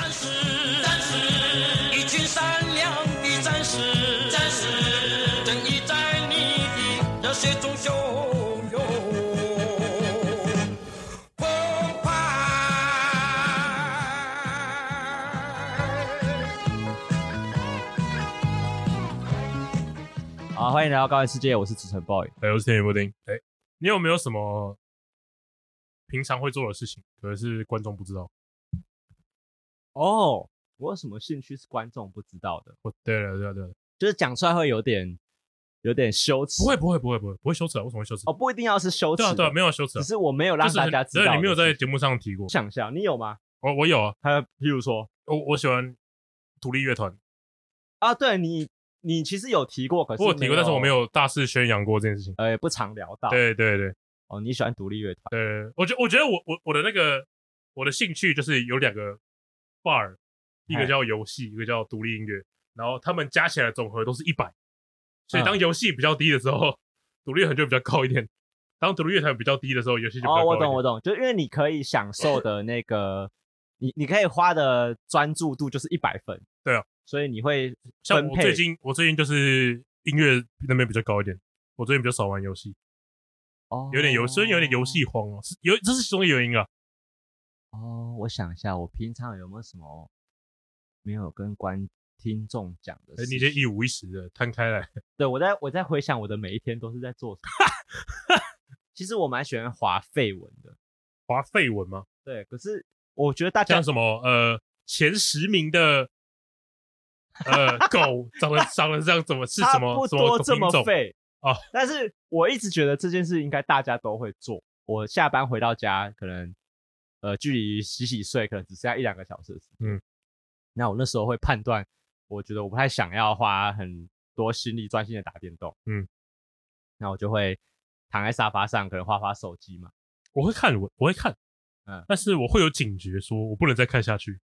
戰士，戰士，一群善良的戰士，戰士，正義在你的熱血中洶湧澎湃。好，歡迎來到高玩世界，我是子辰 boy。Hello，歡迎天宇布丁。哎、欸，你有沒有什麼平常會做的事情，可是觀眾不知道？哦、oh,，我有什麼興趣是觀眾不知道的？Oh, 對了，對了，對了。就是講出來會有點有點羞恥。不會，不會，不會，不會，不會羞恥、啊。我怎麼會羞恥？哦、oh,，不一定要是羞恥的。對、啊、對、啊，沒有、啊、羞恥、啊。只是我沒有讓大家知道對。你沒有在節目上提過。想笑，你有嗎？我、oh, 我有啊。他，譬如說，oh, 我我喜歡獨立樂團啊。Oh, 對你，你其實有提過，可是有我有提過，但是我沒有大肆宣揚過這件事情。呃，不常聊到。對對對，哦，oh, 你喜歡獨立樂團。對，我覺我覺得我我我的那個我的興趣就是有兩個。bar，一個叫遊戲，一個叫獨立音樂，然後他們加起來的總和都是一百，所以當遊戲比較低的時候，獨立樂團就比較高一點；當獨立樂團比較低的時候，遊戲就比較高一點。哦，我懂，我懂，就因為你可以享受的那個，你你可以花的專注度就是一百分。對啊，所以你會像我最近，我最近就是音樂那邊比較高一點，我最近比較少玩遊戲。哦，有點遊、哦，所以有點遊戲荒哦，有這是其中一個原因啊。哦、oh，我想一下，我平常有沒有什麼沒有跟觀聽眾講的事情？哎、欸，你就一五一十的攤開來。對，我在我在回想我的每一天都是在做什麼。 其實我蠻喜歡滑廢文的，滑廢文嗎？對，可是我覺得大家像什麼呃前十名的呃 狗長得 長得這樣，怎麼是什麼不多什麼這麼廢啊、哦？但是我一直覺得這件事應該大家都會做。我下班回到家，可能。呃，距離洗洗睡可能只剩下一兩個小時。嗯，那我那時候會判斷，我覺得我不太想要花很多心力專心的打電動。嗯，那我就會躺在沙發上，可能花花手機嘛。我會看，我我會看。嗯，但是我會有警覺，說我不能再看下去，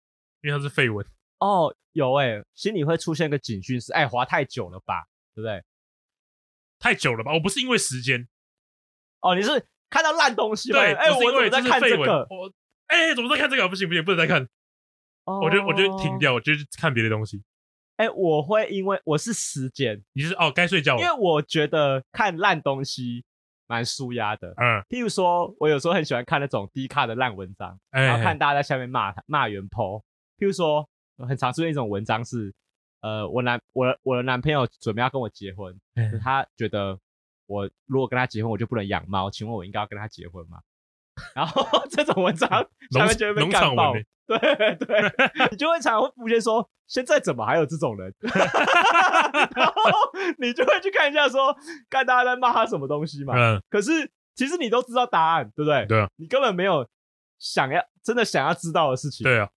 因為它是廢文。哦，有哎、欸，心裡會出現一個警訊，是、欸、哎，滑太久了吧，對不對？太久了吧？我不是因為時間。哦，你是看到爛東西了？對，哎、欸，我因、欸、我在看這個，這哎、欸，怎麼在看這個，不行不行，不能再看。Oh... 我就我就停掉，我就去看別的東西。哎、欸，我會因為我是時間，你、就是哦該睡覺了。因為我覺得看爛東西蠻舒壓的。嗯，譬如說我有時候很喜歡看那種 Dcard 的爛文章、嗯，然後看大家在下面罵他罵原 po。譬如說，很常出現一種文章是，呃，我男我的我的男朋友準備要跟我結婚，嗯、他覺得我如果跟他結婚，我就不能養貓，請問我應該要跟他結婚嗎？ 然後這種文章，農、啊，農場文，對對， 你就會常常會浮現說，現在怎麼還有這種人？ 然後你就會去看一下說，說看大家在罵他什麼東西嘛。嗯。可是其實你都知道答案，對不對？對啊。你根本沒有想要真的想要知道的事情。對啊。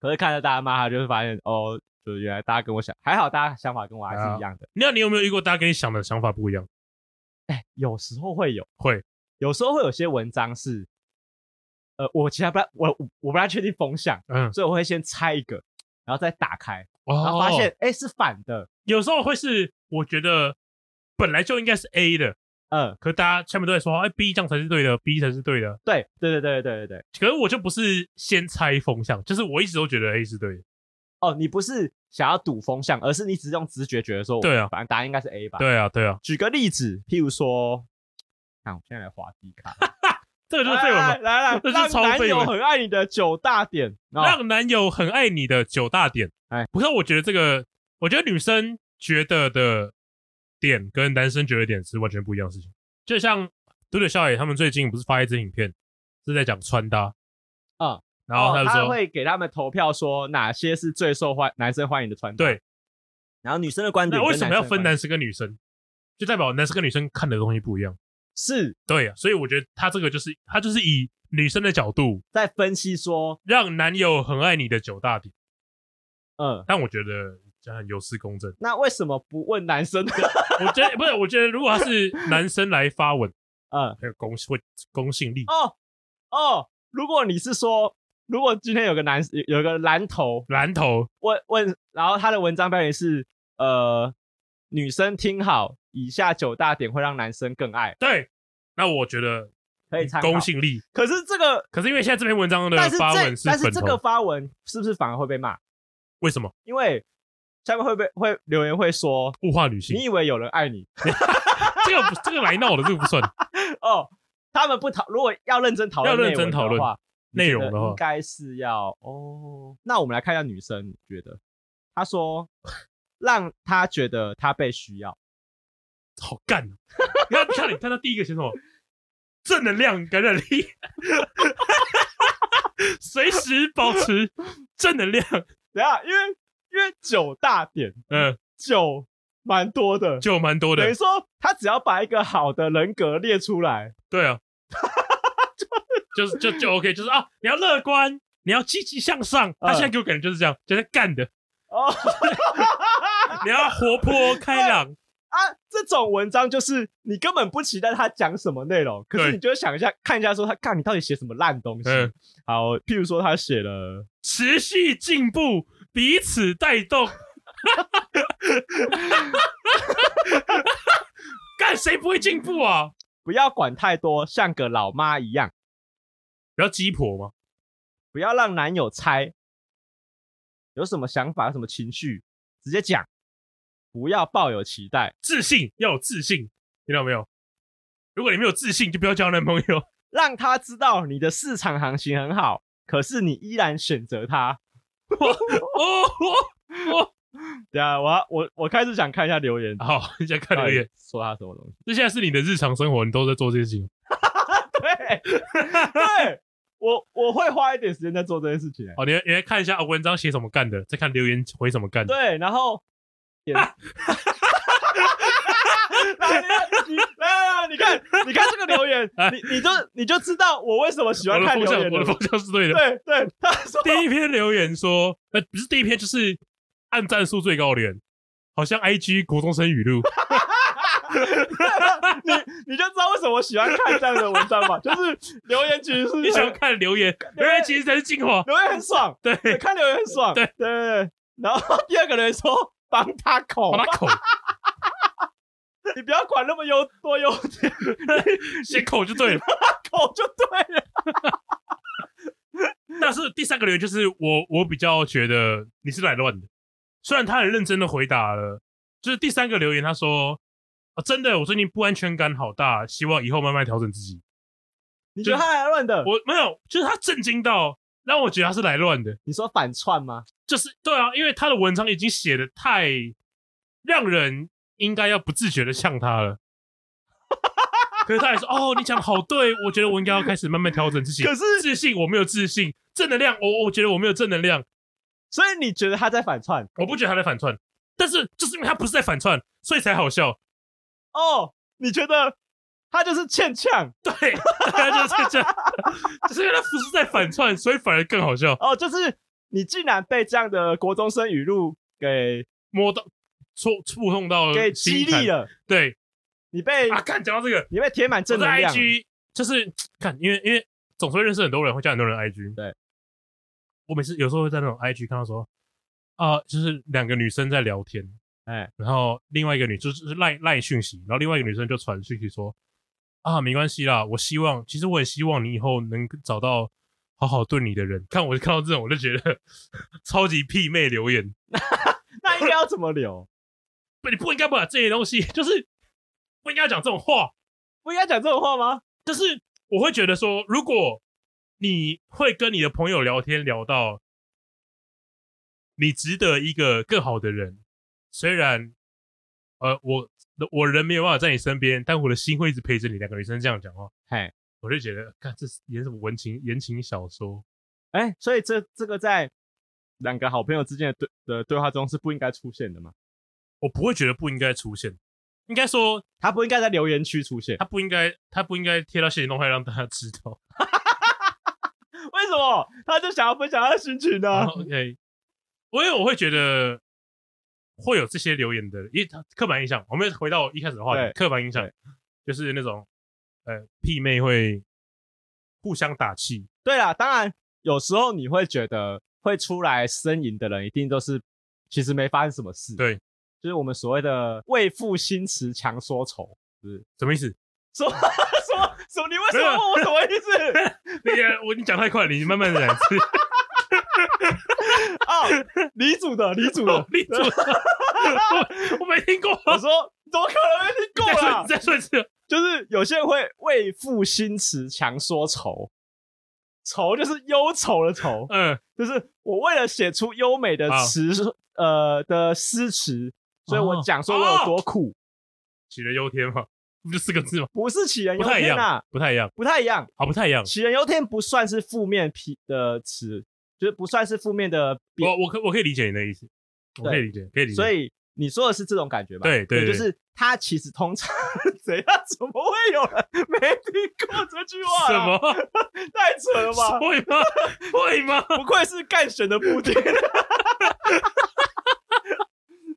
可是看着大家罵他，就會發現哦，就是原來大家跟我想還好，大家想法跟我還是一樣的、啊。那你有沒有遇過大家跟你想的想法不一樣？哎、欸，有時候會有，會有時候會有些文章是。呃，我其他不太，我我我不太確定風向，嗯，所以我會先猜一個，然後再打開，哦、然後發現哎是反的，有時候會是我覺得本來就應該是 A 的，嗯，可是大家下面都在說哎、欸、B 這樣才是對的，B 才是對的，對對對對對對對，可是我就不是先猜風向，就是我一直都覺得 A 是對的，哦，你不是想要賭風向，而是你只是用直覺覺得說對啊，反正答案應該是 A 吧，對啊對啊，舉個例子，譬如說，看我現在來滑 Dcard，看。 這個就是廢話嗎？來來、來、來，這是讓男友很愛你的九大點，哦、讓男友很愛你的九大點、哦。哎，不是，我覺得這個，我覺得女生覺得的點跟男生覺得點是完全不一樣的事情。就像嘟德少爺他們最近不是發一支影片，是在講穿搭啊、嗯，然後他，就說、哦、他會給他們投票說哪些是最受歡男生歡迎的穿搭。對，然後女生的觀點為什麼要分男生、男生跟女生？就代表男生跟女生看的東西不一樣。是對啊，所以我覺得他這個就是他就是以女生的角度在分析說，讓男友很愛你的九大點。嗯，但我覺得這樣有失公正。那為什麼不問男生呢？我覺得 不是，我覺得如果他是男生來發文，嗯，還有公會公信力。哦哦，如果你是說，如果今天有個男有個男頭男頭問問，然後他的文章標題是呃，女生聽好。以下九大點會讓男生更愛。對，那我覺得可以參考公信力可。可是這個，可是因為現在這篇文章的發文是但是，這但是這個發文是不是反而會被罵？為什麼？因為下面會被會留言會說物化女性。你以為有人愛你？ 這個這個來鬧的，這個不算。 哦，他們不討。如果要認真討論，要認真討論的話，內容的話，應該是要哦。那我們來看一下女生覺得，她說讓他覺得他被需要。好幹哦！你要跳、啊，你看，你看他第一個寫什麼？ 正能量感染力，隨 時保持正能量。等一下，因為因為九大點，嗯，九蠻多的，九蠻多的。等於說，他只要把一個好的人格列出來，對啊， 就是就就 OK，就是啊，你要樂觀，你要積極向上、嗯。他現在給我感覺就是這樣，就是幹的。哦， 你要活潑開朗。嗯啊，這種文章就是你根本不期待他講什麼內容，可是你就想一下看一下，說他看你到底寫什麼爛東西。嗯。好，譬如說他寫了持續進步，彼此帶動，幹 誰 不會進步啊？不要管太多，像個老媽一樣，不要雞婆嗎？不要讓男友猜有什麼想法、什麼情緒，直接講。不要抱有期待，自信要有自信，聽到沒有？如果你沒有自信，就不要交男朋友。讓他知道你的市場行情很好，可是你依然選擇他。 等下我要我我我我開始想看一下留言。好，你先看留言，說他什麼東西？這現在是你的日常生活，你都在做這些事情。 對， 對我我會花一點時間在做這件事情，欸。好，哦，你來你來看一下，哦、文章寫什麼幹的，再看留言回什麼幹的。對，然後。哈， 來，你來來來，你看，你看這個留言， 你你就你就知道我為什麼喜歡看留言。我的方向，向是對的，對對。他說第一篇留言說，呃，不是第一篇，就是按贊數最高的人好像 IG 國中生語錄。 你你就知道為什麼我喜歡看這樣的文章吧？就是留言其實是，你喜歡看留言？留言，留言其實才是精華，留言很爽，對，看留言很爽，對對對。然後第二個人說。幫他口，幫他口 你不要管那麼優多優點，寫 口就對了，口就對了。但是第三個留言就是我，我比較覺得你是來亂的。雖然他很認真的回答了，就是第三個留言他說啊、哦，真的，我最近不安全感好大，希望以後慢慢調整自己。你覺得他來亂的？我沒有，就是他震驚到。但我覺得他是來亂的。你說反串嗎？就是對啊，因為他的文章已經寫得太讓人應該要不自覺的嗆他了。 可是他也說：“ 哦，你講的好對，我覺得我應該要開始慢慢調整自己。”可是自信我沒有自信，正能量我、哦、我覺得我沒有正能量。所以你覺得他在反串？我不覺得他在反串，okay. 但是就是因為他不是在反串，所以才好笑。哦、oh，你覺得？他就是欠嗆，對，他就是欠嗆，只 是因為他不是在反串，所以反而更好笑。哦，就是你竟然被這樣的國中生語錄給摸到、觸觸碰到了，給激勵了。對，你被啊，看，講到這個，你被填滿正能量。我在 I G 就是看，因為因為總是會認識很多人，會加很多人 I G。對，我每次有時候會在那種 I G 看到說，啊、呃，就是兩個女生在聊天，哎、欸，然後另外一個女就是賴賴訊息，然後另外一個女生就傳訊息說。啊，沒關係啦。我希望，其實我也希望你以後能找到好好對你的人。看，我看到這種，我就覺得超級屁妹留言。 那應該要怎麼聊？不，你不應該把這些東西，就是不應該講這種話。不應該講這種話嗎？就是我會覺得說，如果你會跟你的朋友聊天聊到你值得一個更好的人，雖然。呃，我我人沒有辦法在你身邊，但我的心會一直陪着你。兩個女生這樣講話，嗨，我就覺得，看，這是演什麼文情言情小說？哎、欸，所以這這個在兩個好朋友之間的對的對話中是不應該出現的嘛？我不會覺得不應該出現，應該說他不應該在留言區出現，他不應該他不應該貼到謝霆鋒，讓大家知道， 為什麼？他就想要分享他的心情呢、啊 oh,？OK，因為我會覺得。會有這些留言的，一刻板印象。我們回到一開始的話，對刻板印象就是那種，呃，屁妹會互相打氣。對啦，當然有時候你會覺得會出來呻吟的人，一定都是其實沒發生什麼事。對，就是我們所謂的“為賦新詞強說愁是，是什麼意思？說說說，你為什麼問？我什麼意思？那個我你講、啊、 太快了，你慢慢來。 哈哈哈李主的李主的李主、哦、的 我，我沒聽過。我說怎麼可能沒聽過啊？再說一次，就是有些人會為賦新詞強說愁，愁就是憂愁的愁。嗯，就是我為了寫出優美的詞、啊，呃的詩詞，所以我講說我有多苦。杞人憂天嘛，不就四個字嗎？不是杞人憂天吶、啊，不太一樣，不太一樣，好，不太一樣。杞人憂天不算是負面批的詞。就是，不算是負面的我，我我可我可以理解你的意思，我可以理解，可以理解。所以你說的是這種感覺吧？對對，對，就是他其實通常 怎樣？怎麼會有人沒聽過這句話？什麼？ 太扯了吧？會嗎？會嗎？不愧是干選的布丁。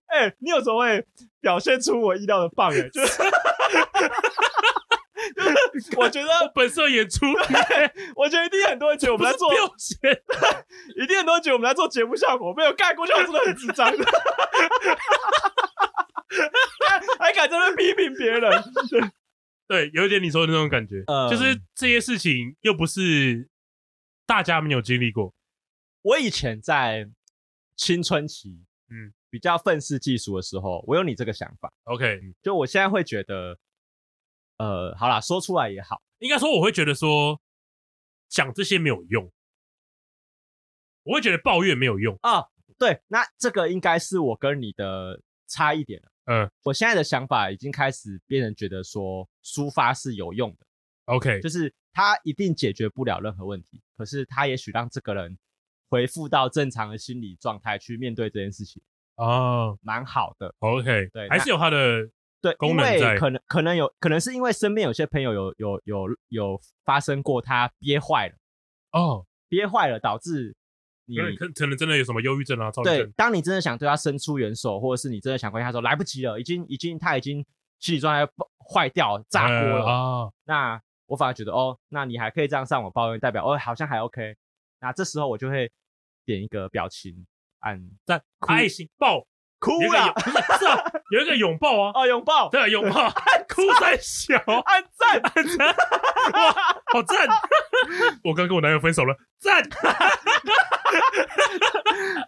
哎、 欸，你有時候會表現出我意料的棒哎、欸。 我覺得我本色演出， 我覺得一定很多人覺得我們來做節目，一定很多人覺得我們來做節目效果沒有蓋過，就真的很智障，還敢在那批評別人 ，對，有一點你說的那種感覺，呃、嗯，就是這些事情又不是大家沒有經歷過。我以前在青春期，嗯，比較憤世嫉俗的時候，我有你這個想法。OK，就我現在會覺得。呃，好啦，說出來也好。應該說，我會覺得說，講這些沒有用，我會覺得抱怨沒有用啊，呃。對，那這個應該是我跟你的差一點差異點了。嗯，呃，我現在的想法已經開始變成覺得說，抒發是有用的。OK，就是他一定解決不了任何問題，可是他也許讓這個人回復到正常的心理狀態去面對這件事情哦，蠻好的。OK，對，還是有他的。對，因為可能，能，可，能可能有，可能是因為身邊有些朋友有有有有發生過他憋壞了，哦、oh.，憋壞了導致你、嗯、可能真的有什麼憂鬱症啊造成。對，當你真的想對他伸出援手，或者是你真的想關心他說來不及了，已經已經他已經心理狀態壞掉炸鍋了啊。Oh, yeah, yeah, oh. 那我反而覺得哦，那你還可以這樣上網抱怨，代表哦好像還 OK。那這時候我就會點一個表情，按讚，愛心抱。哭了，是啊，有一個擁 抱啊，哦，擁抱，對，擁抱，哭三小，按讚，哇，好讚， 我剛跟我男友分手了，讚 讚，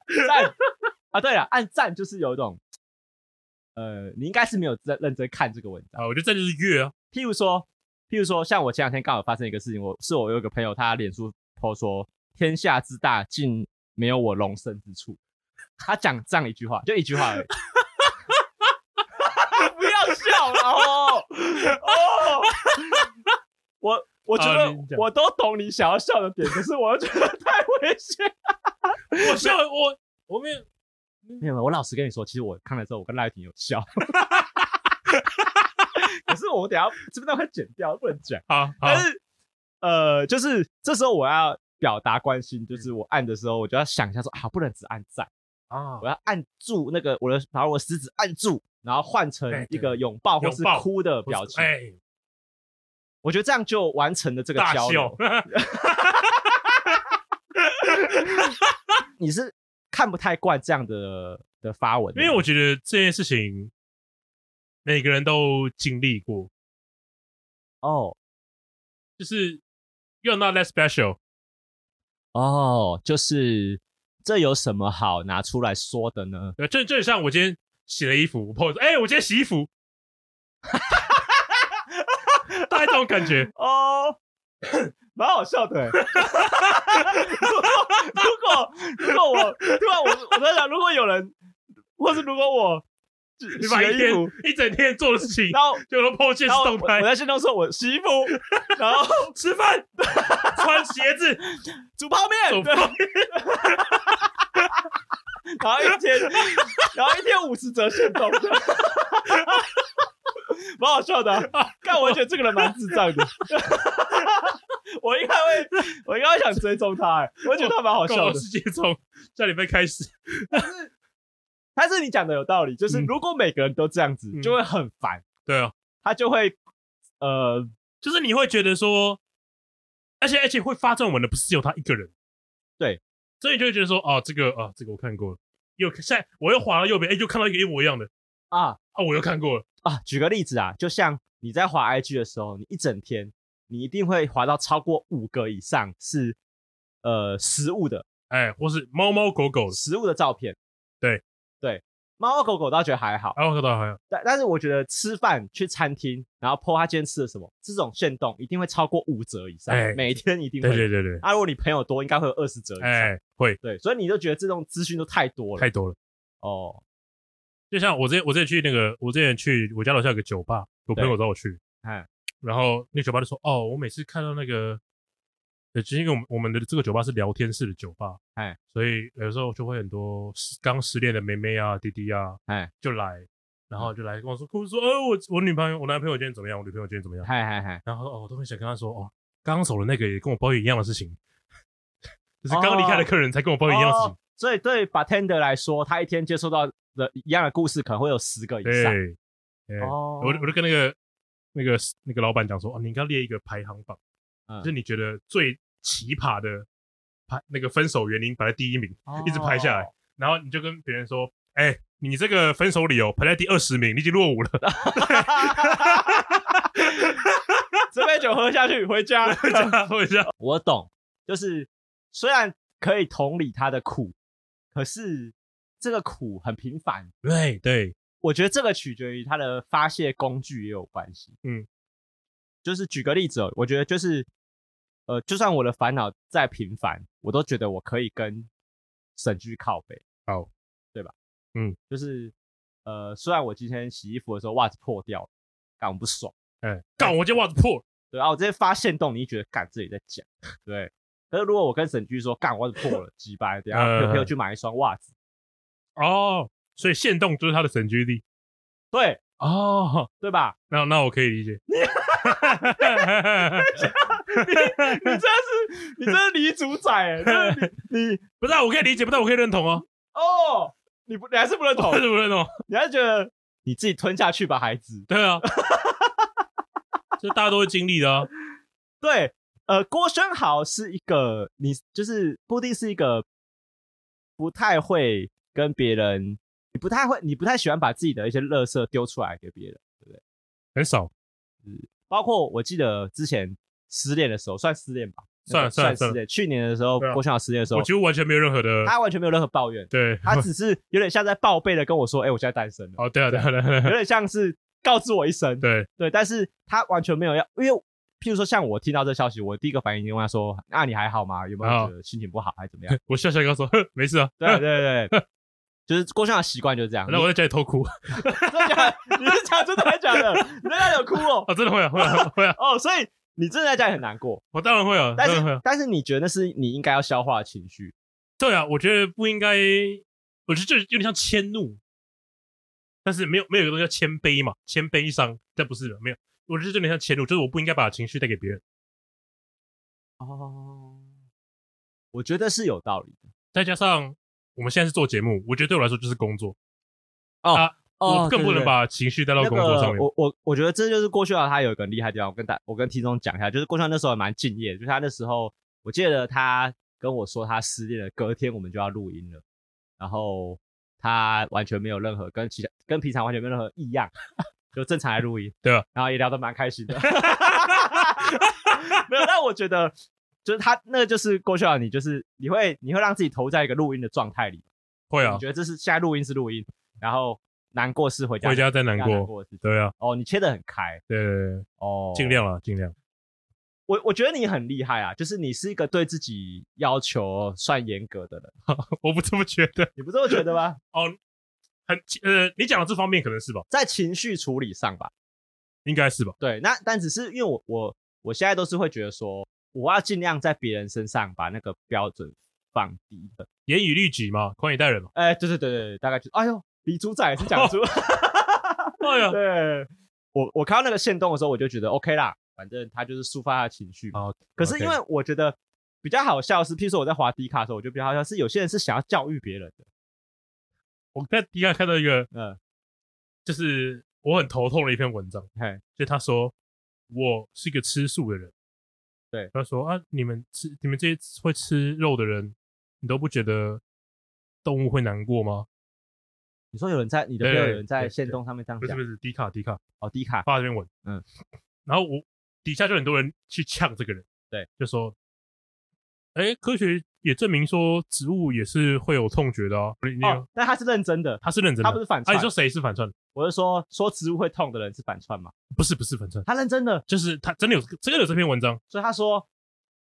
讚， 啊，對啊，按讚就是有一種，呃，你應該是沒有在認真看這個文章啊，我覺得讚就是樂啊，譬如說，譬如說，像我前兩天剛好發生一個事情，我是我有一個朋友，他臉書 po 說，天下之大，竟沒有我容身之處。他講這樣一句話，就一句話而已。 不要笑了，哦，哈哈哈，我我覺得我都懂你想要笑的點，可 是我又覺得太危險。 我笑，我我沒有，沒有沒有我老實跟你說，其實我看了之後，我跟賴雨婷有笑。 可是我們等下這邊都會剪掉，不能講。好，但是呃，就是這時候我要表達關心，就是我按的時候，我就要想一下說，說啊，不能只按讚。啊、oh！我要按住那個我的，把我的食指按住，然後換成一個擁抱或是哭的表情、欸。我覺得這樣就完成了這個交流。 你是看不太慣這樣的的發文，因為我覺得這件事情每個人都經歷過。哦、oh，就是 You're not that special。哦，就是。這有什麼好拿出來說的呢？正正像我今天洗了衣服，我朋友說，哎、欸，我今天洗衣服， 大家這種感覺哦，uh, 蠻好笑的、欸 如。如果如果如果我，對啊，我我在想，如果有人，或是如果我。衣你把一服，一整天做的事情，然後就能破限動態。我在現場說：“我洗衣服，然後 吃飯飯， 穿鞋子，煮泡麵。泡麵” 然後一天，然後一天五十折限動，蠻 好笑的、啊。但 我覺得這個人蠻智障的。 我應該會，我應該會想追蹤他、欸。哎，我覺得他蠻好笑的。好世界從家裡面開始， 但是你講的有道理，就是如果每個人都這樣子，嗯、就會很煩、嗯。對啊，他就會呃，就是你會覺得說，而且而且會發這種文的不是只有他一個人。對，所以你就會覺得說，哦、啊，這個啊，這個我看過了。又現在我又滑到右邊，哎、欸，又看到一個一模一樣的啊啊，我又看過了啊。舉個例子啊，就像你在滑 IG 的時候，你一整天你一定會滑到超過五個以上是呃食物的，哎、欸，或是貓貓狗狗食物的照片。對。對，貓和狗狗倒覺得還好，貓和狗狗還好，但但是我覺得吃飯去餐廳，然後 po 他今天吃的什麼，這種限動一定會超過五折以上、欸，每天一定會。對對對對。啊如果你朋友多，應該會有二十折以上、欸，會。對，所以你都覺得這種資訊都太多了，太多了。哦，就像我之前，我之前去那個，我之前去我家樓下有個酒吧，我朋友找我去，哎，然後那個酒吧就說，哦，我每次看到那個。其實因為我們我們的這個酒吧是聊天室的酒吧，哎，所以有時候就會很多剛失戀的妹妹啊、弟弟啊，哎，就來，然後就來跟我說，嗯、哭說，哦，我我女朋友、我男朋友今天怎麼樣？我女朋友今天怎麼樣？嗨嗨嗨。然後、哦、我都很想跟他說，哦，剛剛走的那個也跟我抱怨一樣的事情， 就是剛離開的客人才跟我抱怨一樣的事情、哦哦。所以對 bartender 來說，他一天接受到的一樣的故事，可能會有十個以上。哎，我、哦、我就跟那個那個那個老闆講說，哦，你應該列一個排行榜、嗯，就是你覺得最。奇葩的排那個分手原因排在第一名，oh. 一直排下來，然後你就跟別人說：“哎、欸，你這個分手理由排在第二十名，你已經落伍了。 ” 這杯酒喝下去，回家， 回家，回家。我懂，就是雖然可以同理他的苦，可是這個苦很平凡。對對，我覺得這個取決於他的發泄工具也有關係。嗯，就是舉個例子哦，我覺得就是。呃，就算我的煩惱再平凡，我都覺得我可以跟沈居靠北，哦、oh. 對吧？嗯，就是呃，雖然我今天洗衣服的時候襪子破掉了，我不爽，哎、欸，幹我這襪子破，對啊，我直接發限動，你覺得幹自己在講，對。可是如果我跟沈居說，幹襪子破了， 幾百，然樣、啊呃、就陪我去買一雙襪子，哦、oh,，所以限動就是他的沈居力，對，哦、oh,，對吧？那那我可以理解。 你真是你真是女主宰，就是你不知道我可以理解， 不知道我可以認同哦、啊。哦、oh,，你不你還是不認同？Oh, 還是不認同？你還是覺得你自己吞下去吧，孩子。對啊，就 大家都會經歷的啊。 對，呃，郭宣豪是一個你就是固定是一個不太會跟別人，你不太會，你不太喜歡把自己的一些垃圾丟出來給別人，對不對？很少，包括我記得之前失戀的時候，算失戀吧，算了算失戀。去年的時候，郭曉曉失戀的時候，我幾乎完全沒有任何的，他完全沒有任何抱怨，對他只是有點像在報備的跟我說：“哎、欸，我現在單身了。Oh, 啊”哦、啊啊，對啊，對啊，有點像是告知我一聲，對對。但是他完全沒有要，因為譬如說像我聽到這消息，我第一個反應就問他說：“那、啊、你還好嗎？有沒有覺得心情不好，好還是怎麼樣？” 我笑笑就說：“沒事啊。對啊”對、啊、對、啊、對、啊。對啊 就是郭襄的習慣就是這樣。那我在家裡偷哭。 真假的？你是講 真的還是假的？你在家裡有哭哦？啊、哦，真的會啊，會啊，會啊。 哦，所以你真的在家裡很難過？我當然會啊，但是當然會、啊。但是你覺得那是你應該要消化的情緒？對啊，我覺得不應該。我覺得這有點像遷怒。但是沒有沒有一個東西叫遷悲嘛，遷悲傷？這不是的沒有，我覺得就有點像遷怒，就是我不應該把情緒帶給別人。哦，我覺得是有道理的。再加上。我們現在是做節目，我覺得對我來說就是工作哦、oh, 啊，我更不能把情緒帶到工作上面。Oh, oh, 對對對上面那個、我我我覺得這就是郭孝他有一個厲害地方，我跟大我跟聽眾講一下，就是郭孝那時候還蠻敬業，就是他那時候我記得他跟我說他失戀了，隔天我們就要錄音了，然後他完全沒有任何跟其跟平常完全沒有任何異樣，就正常來錄音， 對啊，然後也聊得蠻開心的， 沒有，但我覺得。就是他那個就是過去了，你就是你會你會讓自己投在一個錄音的狀態裡，會啊，你覺得這是現在錄音是錄音，然後難過是回家回家再難過，對啊，啊、哦，你切得很開，對，對，哦，盡量啊，盡量。我我覺得你很厲害啊，就是你是一個對自己要求算嚴格的人，我不這麼覺得，你不這麼覺得嗎、？ 嗯？哦，很呃，你講的這方面可能是吧，在情緒處理上吧，應該是吧？對，那但只是因為我我我現在都是會覺得說。我要盡量在別人身上把那個標準放低的，嚴以律己嘛，寬以待人嘛。哎、欸，對對對對對，大概就是，哎呦，李主宰也是講出。哎、哦 哦、呀，對我我看到那個限動的時候，我就覺得 OK 啦，反正他就是抒發他的情緒。哦、okay，可是因為我覺得比較好笑的是，譬如說我在滑迪卡的時候，我就比較好笑是有些人是想要教育別人的。我在迪卡看到一個，嗯，就是我很頭痛的一篇文章。嘿，就是、他說我是一個吃素的人。對，他說啊，你們吃，你們這些會吃肉的人，你都不覺得動物會難過嗎？你說有人在你的，沒有人在限動上面這樣講，對對對對不是不是，D 卡 D 卡，哦，D 卡，這、oh, 邊問，嗯，然後我底下就很多人去嗆這個人，對，就說，哎，科學。也證明說植物也是會有痛覺的哦、啊。哦，但他是認真的，他是認真的，他不是反串。啊、你說誰是反串？我是說說植物會痛的人是反串嘛？不是不是反串，他認真的，就是他真的有真的有這篇文章。所以他說，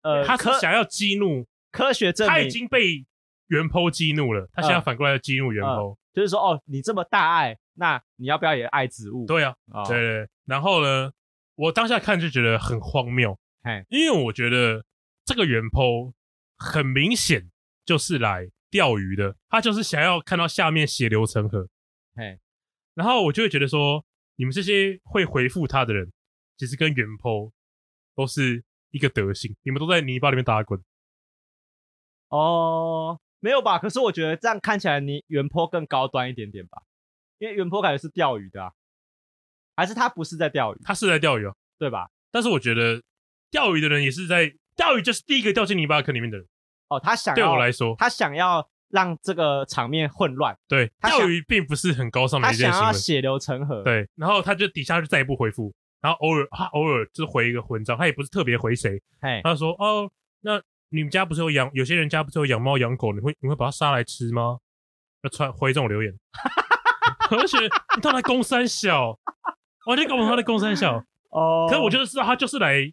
呃，他想要激怒科,科學證明，他已經被原 PO 激怒了，他現在反過來要激怒原 PO、呃呃、就是說哦，你這麼大愛，那你要不要也愛植物？對啊，哦、對,對,對，然後呢，我當下看就覺得很荒謬，因為我覺得這個原 PO 很明顯就是來釣魚的，他就是想要看到下面血流成河。嘿，然後我就會覺得說，你們這些會回復他的人，其實跟原坡都是一個德行，你們都在泥巴裡面打滾。哦，沒有吧？可是我覺得這樣看起來，你原坡更高端一點點吧？因為原坡感覺是釣魚的啊，還是他不是在釣魚？他是在釣魚、啊，哦，對吧？但是我覺得釣魚的人也是在。釣魚就是第一個掉進泥巴坑裡面的人。哦，他想要對我來說，他想要讓這個場面混亂。對，釣魚並不是很高尚的一件事情。血流成河。對，然後他就底下就再也不回復，然後偶爾他偶爾就是回一個混賬，他也不是特別回誰。哎，他就說：“哦，那你們家不是有養？有些人家不是有養貓養狗？你會你會把它殺來吃嗎？”他傳回這種留言， 而且他在攻三小。我就搞不懂他的攻三小。哦， 可我覺、就、得是，他就是來。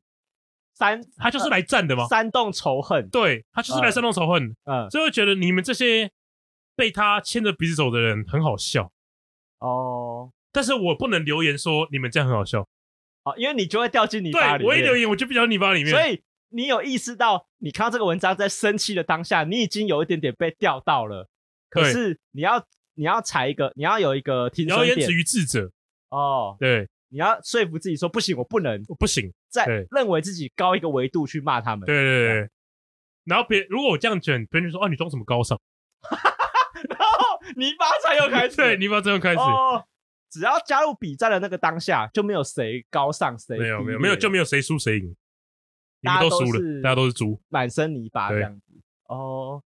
三，他就是來煽的嗎？煽動仇恨，對他就是來煽動仇恨，嗯，就、嗯、會覺得你們這些被他牽着鼻子走的人很好笑哦。但是我不能留言說你們這樣很好笑哦，因為你就會掉進泥巴裡面。對，我一留言，我就掉泥巴裡面。所以你有意識到，你看到這個文章在生氣的當下，你已經有一點點被釣到了。可是你要，你要，你要踩一個，你要有一個，停流言止於智者哦。對，你要說服自己說不行，我不能，我不行。在認為自己高一個維度去罵他們，對對對、對。然後別如果我這樣捲，別人就說：“哦，你裝什麼高尚 ？”然後泥巴才又開始， 對，泥巴才又開始。哦，只要加入比賽的那個當下，就沒有誰高尚，誰沒有沒有沒有就沒有誰輸誰贏，大家都輸了，大家都是豬，滿身泥巴這樣子哦。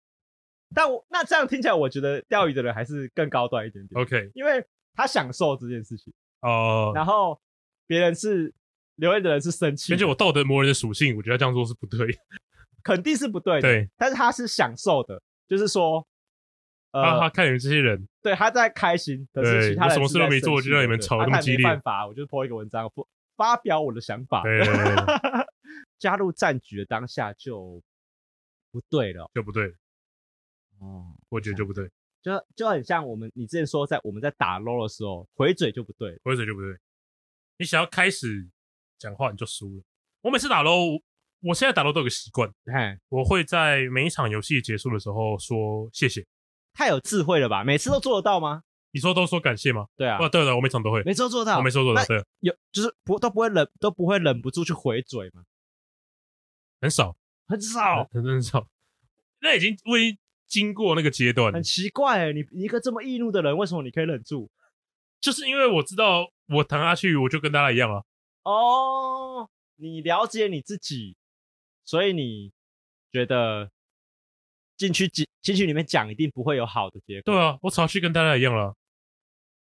但我那這樣聽起來，我覺得釣魚的人還是更高端一點點。OK，因為他享受這件事情哦。Uh, 然後別人是。留言的人是生氣，根據我道德模人的屬性，我覺得這樣做是不對的，肯定是不對的。對，但是他是享受的，就是說、啊，呃，他看你們這些人，對，他在開心。情，他什麼事都沒做，就讓你們吵得那麼激烈，沒辦法，我就是一個文章，發發表我的想法。對，對，對，對， 加入戰局的當下就不對了，就不對。哦、嗯，我覺得就不對，就就很像我們，你之前說在我們在打撈 o 的時候回嘴就不對，回嘴就不對。你想要開始。講話你就輸了。我每次打樓，我現在打樓都有個習慣，我會在每一場遊戲結束的時候說謝謝。太有智慧了吧？每次都做得到嗎？你說都說感謝嗎？對啊，啊對了，我每場都會，每次都做得到，我每次都做到。對、啊，有就是不都不會忍，都不會忍不住去回嘴嗎？很少，很少，很很少。那已經因為經過那個階段。很奇怪、欸你，你一個這麼易怒的人，為什麼你可以忍住？就是因為我知道，我談下去，我就跟大家一樣了、啊。哦，你了解你自己，所以你覺得進去進進去裡面講，一定不會有好的結果。對啊，我早就跟大家一樣了。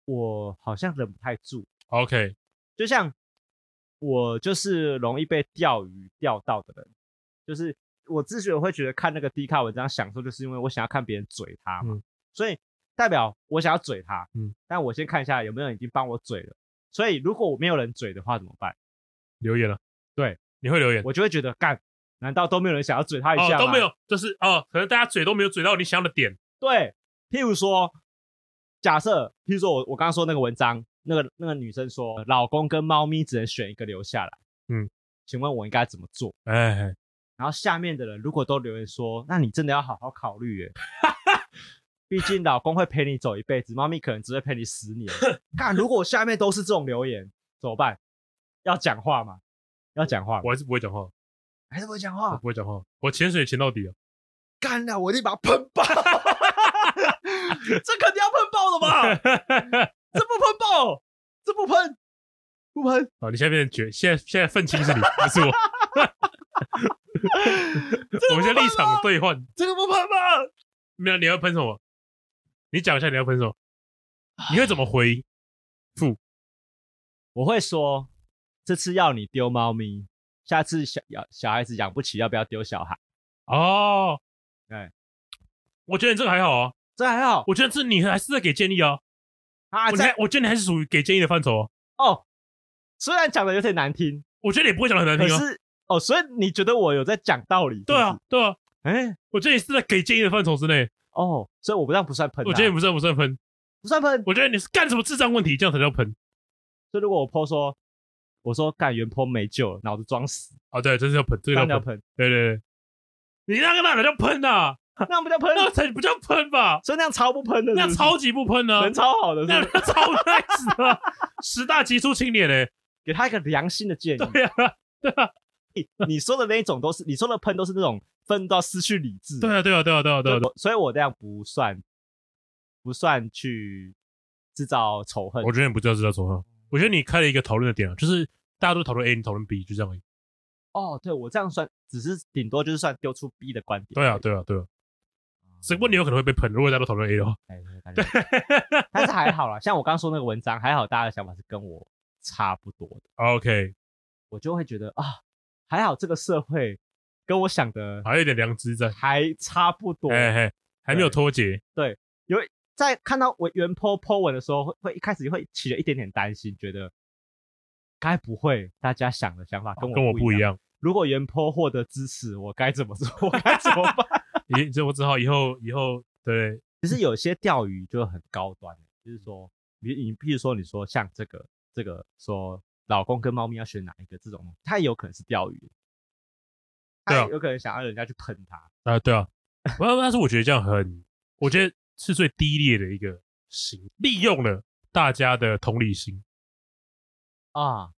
我好像忍不太住。OK，就像我就是容易被釣魚釣到的人，就是我之所以會覺得看那個低卡文章享受，就是因為我想要看別人嘴他嘛。嗯，所以代表我想要嘴他。嗯，但我先看一下有沒有人已經幫我嘴了。所以，如果我沒有人嘴的話，怎麼辦？留言了？啊，對，你會留言，我就會覺得幹，難道都沒有人想要嘴他一下、哦、都沒有，就是哦，可能大家嘴都沒有嘴到你想要的點。對，譬如說，假設譬如說我我剛剛說那個文章，那個那個女生說，老公跟貓咪只能選一個留下來，嗯，請問我應該怎麼做？哎，哎，然後下面的人如果都留言說，那你真的要好好考慮耶。 畢竟老公會陪你走一輩子，媽咪可能只會陪你十年。看， 如果下面都是這種留言，怎麼辦？要講話嗎？要講話？我還是不會講話，還是不會講話，不會講話。我潛水潛到底了，幹了，我一定把它噴爆， 這肯定要噴爆了吧？ 這不噴爆？這不噴？不噴？好，你現在變成絕，現在現在憤青是你， 還是我。 我們現在立場兌換，這個不噴吧？沒有，你要噴什麼？你講一下你要分手，你會怎麼回復？我會說，這次要你丟貓咪，下次小要小孩子養不起，要不要丟小孩？哦，哎，我覺得你這個還好啊，這還好，我覺得這你還是在給建議啊。啊，我，我覺得你還是屬於給建議的範疇、啊。哦，雖然講的有點難聽，我覺得你不會講的很難聽啊、欸。是，哦，所以你覺得我有在講道理是不是？對啊，對啊，哎、欸，我覺得你是在給建議的範疇之內。哦、oh,，所以我這樣不算噴、啊。我覺得也不算不算噴，不算噴。我覺得你是幹什麼智障問題，這樣才叫噴。所以如果我 po 說，我說幹原 po 沒救了，腦子裝死。啊、oh,，對，真是要噴，這叫噴。對對，你那個那才叫噴吶、啊，那不叫噴，那個、才不叫噴吧？所以那樣超不噴的是不是，那樣超級不噴的、啊，人超好的是不是，那超 nice 啊！十大傑出青年哎、欸，給他一個良心的建議。對啊， 你,你說的那一種都是，你說的噴都是那種。笨到失去理智對、啊對啊對啊。對啊，對啊，對啊，對啊，對啊。所以，我這樣不算，不算去製造仇恨。我覺得你不叫製造仇恨、嗯。我覺得你開了一個討論的點啊，就是大家都討論 A，你討論 B，就這樣而已。哦，對、啊、我這樣算，只是頂多就是算丟出 B 的觀點。對啊，對啊，對啊。所以問題有可能會被噴，如果大家都討論 A 的話。對，對對對對對，但是還好啦， 像我剛，剛說那個文章，還好大家的想法是跟我差不多的。OK，我就會覺得啊，還好這個社會。跟我想的還，還有點良知在，還差不多，嘿嘿，還沒有脫節。對，因為在看到我原 PO po 文的時候，會會一開始會起了一點點擔心，覺得該不會大家想的想法跟我、哦、跟我不一樣？如果原 PO 獲得支持，我該怎麼做？我該怎麼辦？咦、 欸，這我只好以後以後對。其實有些釣魚就很高端，就是說你你譬如說你說像這個這個說老公跟貓咪要選哪一個這種，它也有可能是釣魚。對，有可能想要人家去噴他啊，對啊。不、呃啊，但是我覺得這樣很， 我覺得是最低劣的一個行，利用了大家的同理心啊、哦。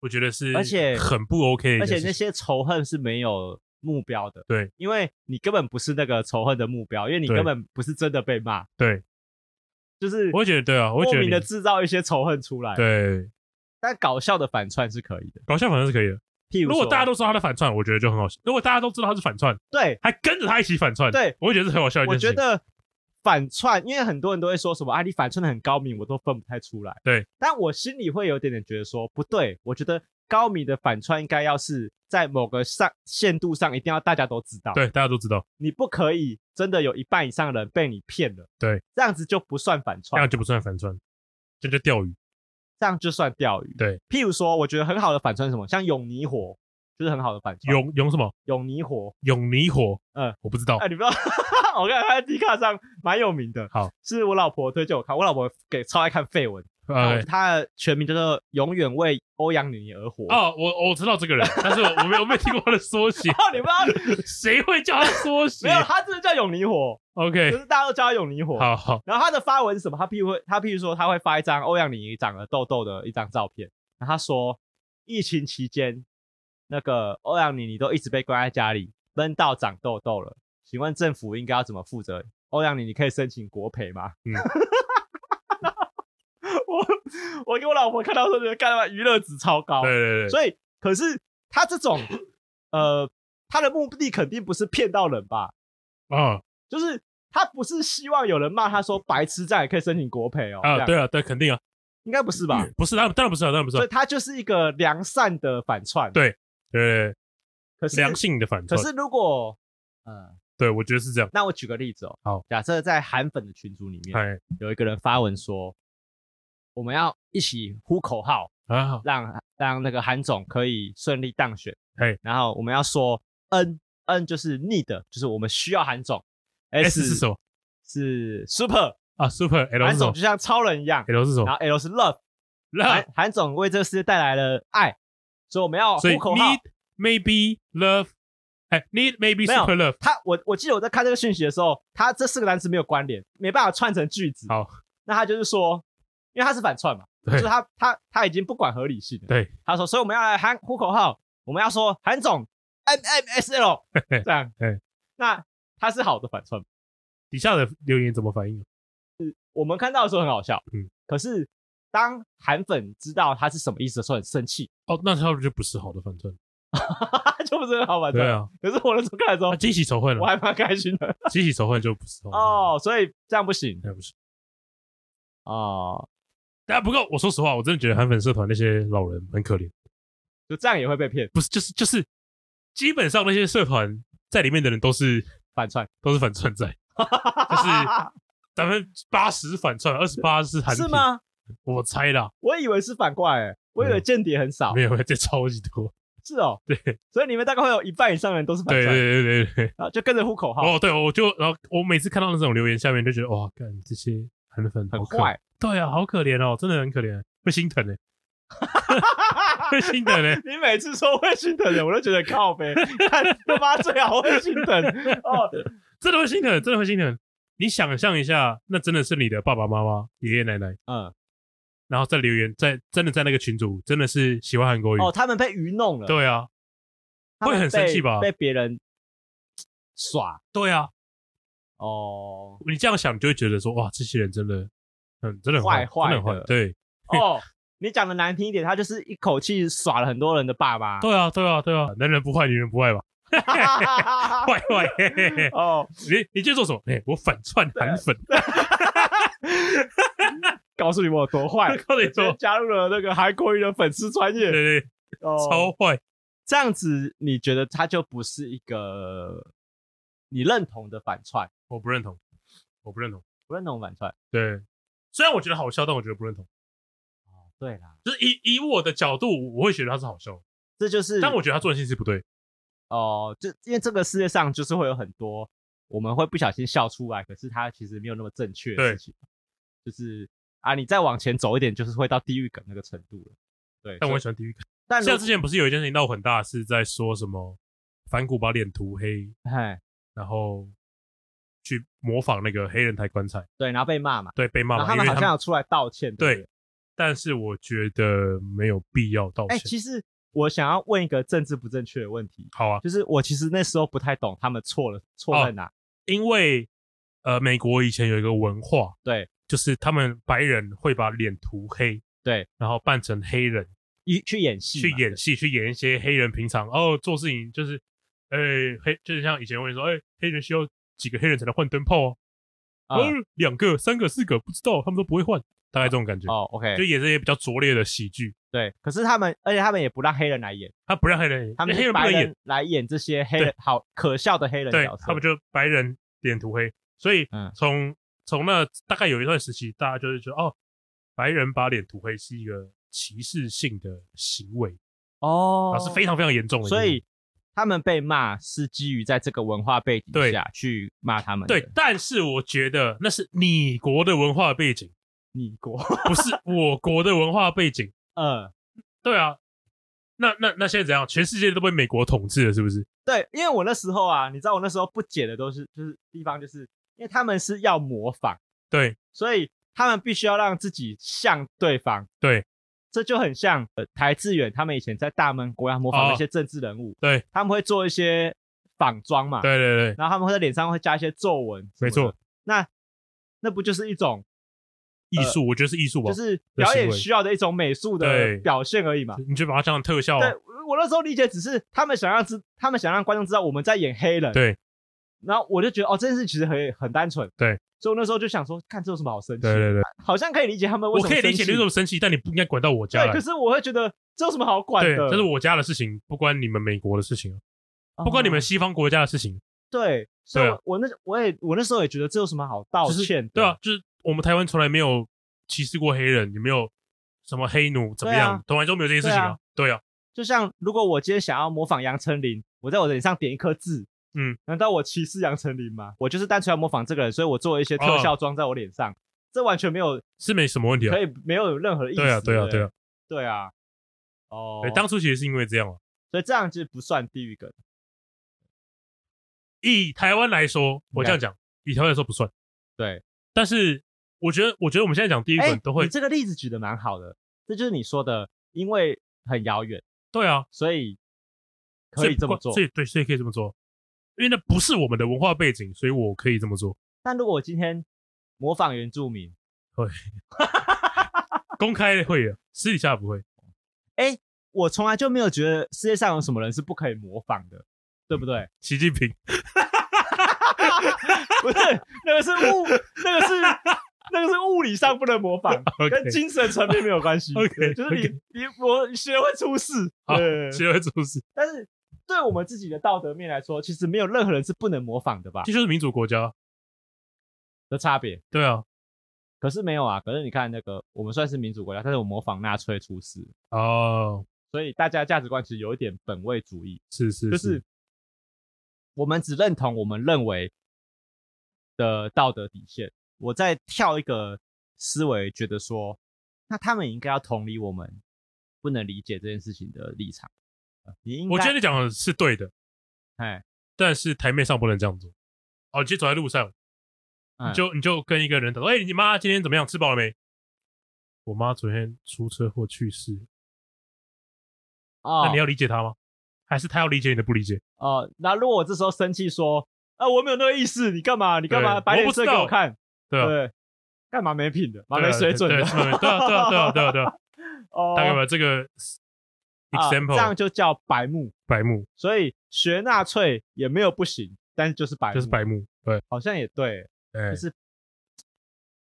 我覺得是，而且很不 OK 而。而且那些仇恨是沒有目標的，對，因為你根本不是那個仇恨的目標，因為你根本不是真的被罵。對，就是我覺得對啊，我覺得莫名的制造一些仇恨出來。對，但搞笑的反串是可以的，搞笑反串是可以的。譬如，如果大家都知道他的反串，我覺得就很好笑。如果大家都知道他是反串，對，還跟着他一起反串，對，我會覺得是很好笑的一件事。我覺得反串，因為很多人都會說什麼啊，你反串的很高明，我都分不太出來。對，但我心裡會有點點覺得說不對，我覺得高明的反串應該要是在某個上限度上，一定要大家都知道。對，大家都知道，你不可以真的有一半以上的人被你騙了。對，這樣子就不算反串啊，這樣就不算反串，這叫釣魚。這樣就算釣魚。對，譬如說，我覺得很好的反串是什麼？像永泥火，就是很好的反串。永永什麼？永泥火？永泥火？嗯、呃，我不知道。哎、呃，你不知道？ 我看他在 Dcard 上蠻有名的。好，是我老婆推薦我看，我老婆給超愛看廢文。呃，他的全名叫做永遠為歐陽妮妮而活哦，我我知道這個人，但是我沒有我沒有聽過他的縮寫。 哦、你不知道誰會叫他縮寫？沒有，他真的叫永妮火。OK，就是大家都叫他永妮火。好，好。然後他的發文是什麼？他譬如他譬如說，他會發一張歐陽妮妮長了痘痘的一張照片，然後他說，疫情期間那個歐陽妮妮都一直被關在家裡，悶到長痘痘了，請問政府應該要怎麼負責？歐陽妮妮可以申請國賠嗎？嗯。我我給我老婆看到說，覺得看到娛樂值超高，對對對，對，所以可是他這種，呃，他的目的肯定不是騙到人吧？啊，就是他不是希望有人罵他說白痴債可以申請國賠哦？啊，對啊，對，肯定啊，應該不是吧、嗯？不是，當然當然不是了、啊，當然不是、啊，所以他就是一個良善的反串，對對，對，可是良性的反串，可是如果、呃，對，我覺得是這樣。那我舉個例子哦、喔，好，假設在韓粉的群組裡面，有一個人發文說，我們要一起呼口號，啊、讓讓那個韓總可以順利當選。嘿，然後我們要說 N N 就是 need，就是我們需要韓總。S 是什麼？是 super 啊，super。韓總就像超人一樣。L 是什麼？然後 L 是 love，韓韓總為這個世界帶來了愛，所以我們要呼口號。Need maybe love，哎、hey，need maybe super love。他我我記得我在看這個訊息的時候，他這四個單詞沒有關聯，沒辦法串成句子。好，那他就是說。因為他是反串嘛，對，就是他他他已經不管合理性了。對，他說，所以我們要來喊呼口號，我們要說韓總 MMSL 這樣。對，那他是好的反串。底下的留言怎麼反應？嗯，我們看到的時候很好笑，嗯。可是當韓粉知道他是什麼意思的時候，很生氣。哦，那他就不是好的反串。 就不是好反串。對啊。可是我那時候看的時候，激起仇恨了，我還蠻開心的。激起仇恨就不是好哦，所以這樣不行。不行。哦。但不過，我說實話，我真的覺得韓粉社團那些老人很可憐，就這樣也會被騙。不是，就是就是，基本上那些社團在裡面的人都是反串，都是反串在， 就是百分之八十反串，二十八是韓粉。是嗎？我猜啦，我以為是反過來、欸，我以為間諜很少，嗯、沒有，沒有，這超級多。是哦、喔，對，所以你們大概會有一半以上的人都是反串，對對對對對，然後就跟着呼口號。哦，對，我就然後我每次看到那種留言下面就覺得哇幹，這些韓粉很怪。對啊，好可憐哦，真的很可憐，會心疼呢， 會心疼呢。 你每次說會心疼的，我都覺得靠北，他 媽最好會心疼 哦，真的會心疼，真的會心疼。你想象一下，那真的是你的爸爸媽媽、爺爺奶奶，嗯，然後再留言，在真的在那個群組，真的是喜歡韓國語哦，他們被愚弄了，對啊，會很生氣吧？被別人耍，對啊，哦，你這樣想你就會覺得說，哇，這些人真的。嗯，真的壞壞的，對哦。Oh, 你講的難聽一點，他就是一口氣耍了很多人的爸爸。對啊，對啊，對啊，男人不壞，女人不壞吧？壞壞哦。你你今天做什麼？哎、欸，我反串韓粉， 告訴你我有多壞。 告訴你多我今天加入了那個韓國瑜的粉絲專業，哦，oh, 超壞。這樣子，你覺得他就不是一個你認同的反串？我不認同，我不認同，不認同反串。對。雖然我覺得好笑，但我覺得不認同。哦，對啦，就是以以我的角度，我會覺得他是好笑，這就是。但我覺得他做人性是不對。哦，就因為這個世界上就是會有很多我們會不小心笑出來，可是他其實沒有那麼正確的事情。就是啊，你再往前走一點，就是會到地獄梗那個程度了。對，但我也喜歡地獄梗。但是像之前不是有一件事情鬧很大，是在說什麼反骨把臉塗黑，嗨，然後。去模仿那個黑人抬棺材，對，然後被罵嘛，對，被罵嘛。然後他們好像要出來道歉對，對。但是我覺得沒有必要道歉、欸。其實我想要問一個政治不正確的問題。好啊，就是我其實那時候不太懂他們錯了錯在哪，哦、因為呃，美國以前有一個文化，對，就是他們白人會把臉塗黑，對，然後扮成黑人去演去演戲，去演戲，去演一些黑人平常哦做事情，就是，哎、呃，黑就是像以前我跟你說，哎，黑人 c 幾個黑人才能換燈泡哦、啊？兩、嗯嗯、個、三個、四個，不知道他們都不會換，大概這種感覺。啊、哦，OK，就演這些比較拙劣的喜劇。對，可是他們，而且他們也不讓黑人來演，他不讓黑人演，他們黑,黑人來演這些黑人對好可笑的黑人角色對。他們就白人臉塗黑，所以從從、嗯、那大概有一段時期，大家就會覺得哦，白人把臉塗黑是一個歧視性的行為哦，是非常非常嚴重的，所以。他們被罵是基於在這個文化背景下去罵他們對。對，但是我覺得那是你國的文化的背景，你國 不是我國的文化的背景。呃，對啊。那那那現在怎樣？全世界都被美國統治了，是不是？對，因為我那時候啊，你知道我那時候不解的都是就是地方，就是因為他們是要模仿，對，所以他們必須要讓自己像對方。對。這就很像、呃、邰智源他們以前在大悶鍋啊模仿那些政治人物。哦、對，他們會做一些仿妝嘛。對對對，然後他們會在臉上會加一些皺紋，沒錯。那那不就是一種藝術？呃，我覺得是藝術吧，就是表演需要的一種美術的表現而已嘛。你就把它當成特效啊。對，我那時候理解只是他們想要知，他們想讓觀眾知道我們在演黑人。對。然後我就覺得，哦，這件事其實很很單純，對。所以，我那時候就想說，看這有什麼好生氣的？對對對，好像可以理解他們為什麼，我可以理解你這麼生氣，但你不應該管到我家來。對，可是我會覺得這有什麼好管的？對，這是我家的事情，不關你們美國的事情，哦、不關你們西方國家的事情。對，對啊，我，我那我也我那時候也覺得這有什麼好道歉、就是對？對啊，就是我們台灣從來沒有歧視過黑人，也沒有什麼黑奴怎麼樣，從、啊、來就沒有這些事情啊，啊。對啊，就像如果我今天想要模仿楊丞琳，我在我的臉上點一顆痣。嗯，難道我歧視楊丞琳嗎？我就是單純要模仿這個人，所以我做了一些特效妝在我臉上，啊、這完全沒有，是沒什麼問題啊，可以沒有任何的意思。對啊，對啊，對啊，對啊，哦，哎，當初其實是因為這樣啊，所以這樣其實不算地域梗。以台灣來說，我這樣講、啊，以台灣來說不算。對，但是我覺得，我覺得我們現在講地域梗都會、欸，你這個例子舉得蠻好的，這就是你說的，因為很遙遠，對啊，所以可以，以這麼做，對，所以可以這麼做。因為那不是我們的文化背景，所以我可以這麼做。但如果我今天模仿原住民，會公開會了 私底下不會。哎、欸，我從來就沒有覺得世界上有什麼人是不可以模仿的，嗯、對不對？習近平， 不是，那個是物，那個是那個是物理上不能模仿， 跟精神層面沒有關係。 對，就是你 你我學會出事對，對，對學會出事。但是。對我們自己的道德面來說，其實沒有任何人是不能模仿的吧？這就是民主國家的差別。對啊，可是沒有啊。可是你看，那個我們算是民主國家，但是我模仿納粹出事哦。Oh. 所以大家價值觀其實有一點本位主義。是是，是，就是我們只認同我們認為的道德底線。我再跳一個思維，覺得說，那他們應該要同理我們不能理解這件事情的立場。我覺得你講的是對的，哎，但是台面上不能這樣做。哦，你就走在路上，你就你就跟一個人說哎、欸，你媽今天怎麼樣？吃飽了沒？我媽昨天出車禍去世、哦。那你要理解她嗎？還是她要理解你的不理解？呃、那如果我這時候生氣說，啊、呃，我沒有那個意思，你幹嘛？你幹嘛？擺臉色給我看？對啊，幹嘛沒品的？幹嘛沒水準的對對對？對啊，對啊，對啊，對啊，對啊。對啊 哦，大概把這個。呃、Example，這樣就叫白目白目，所以學納粹也沒有不行，但是就是白，就是白目對，好像也對，對就是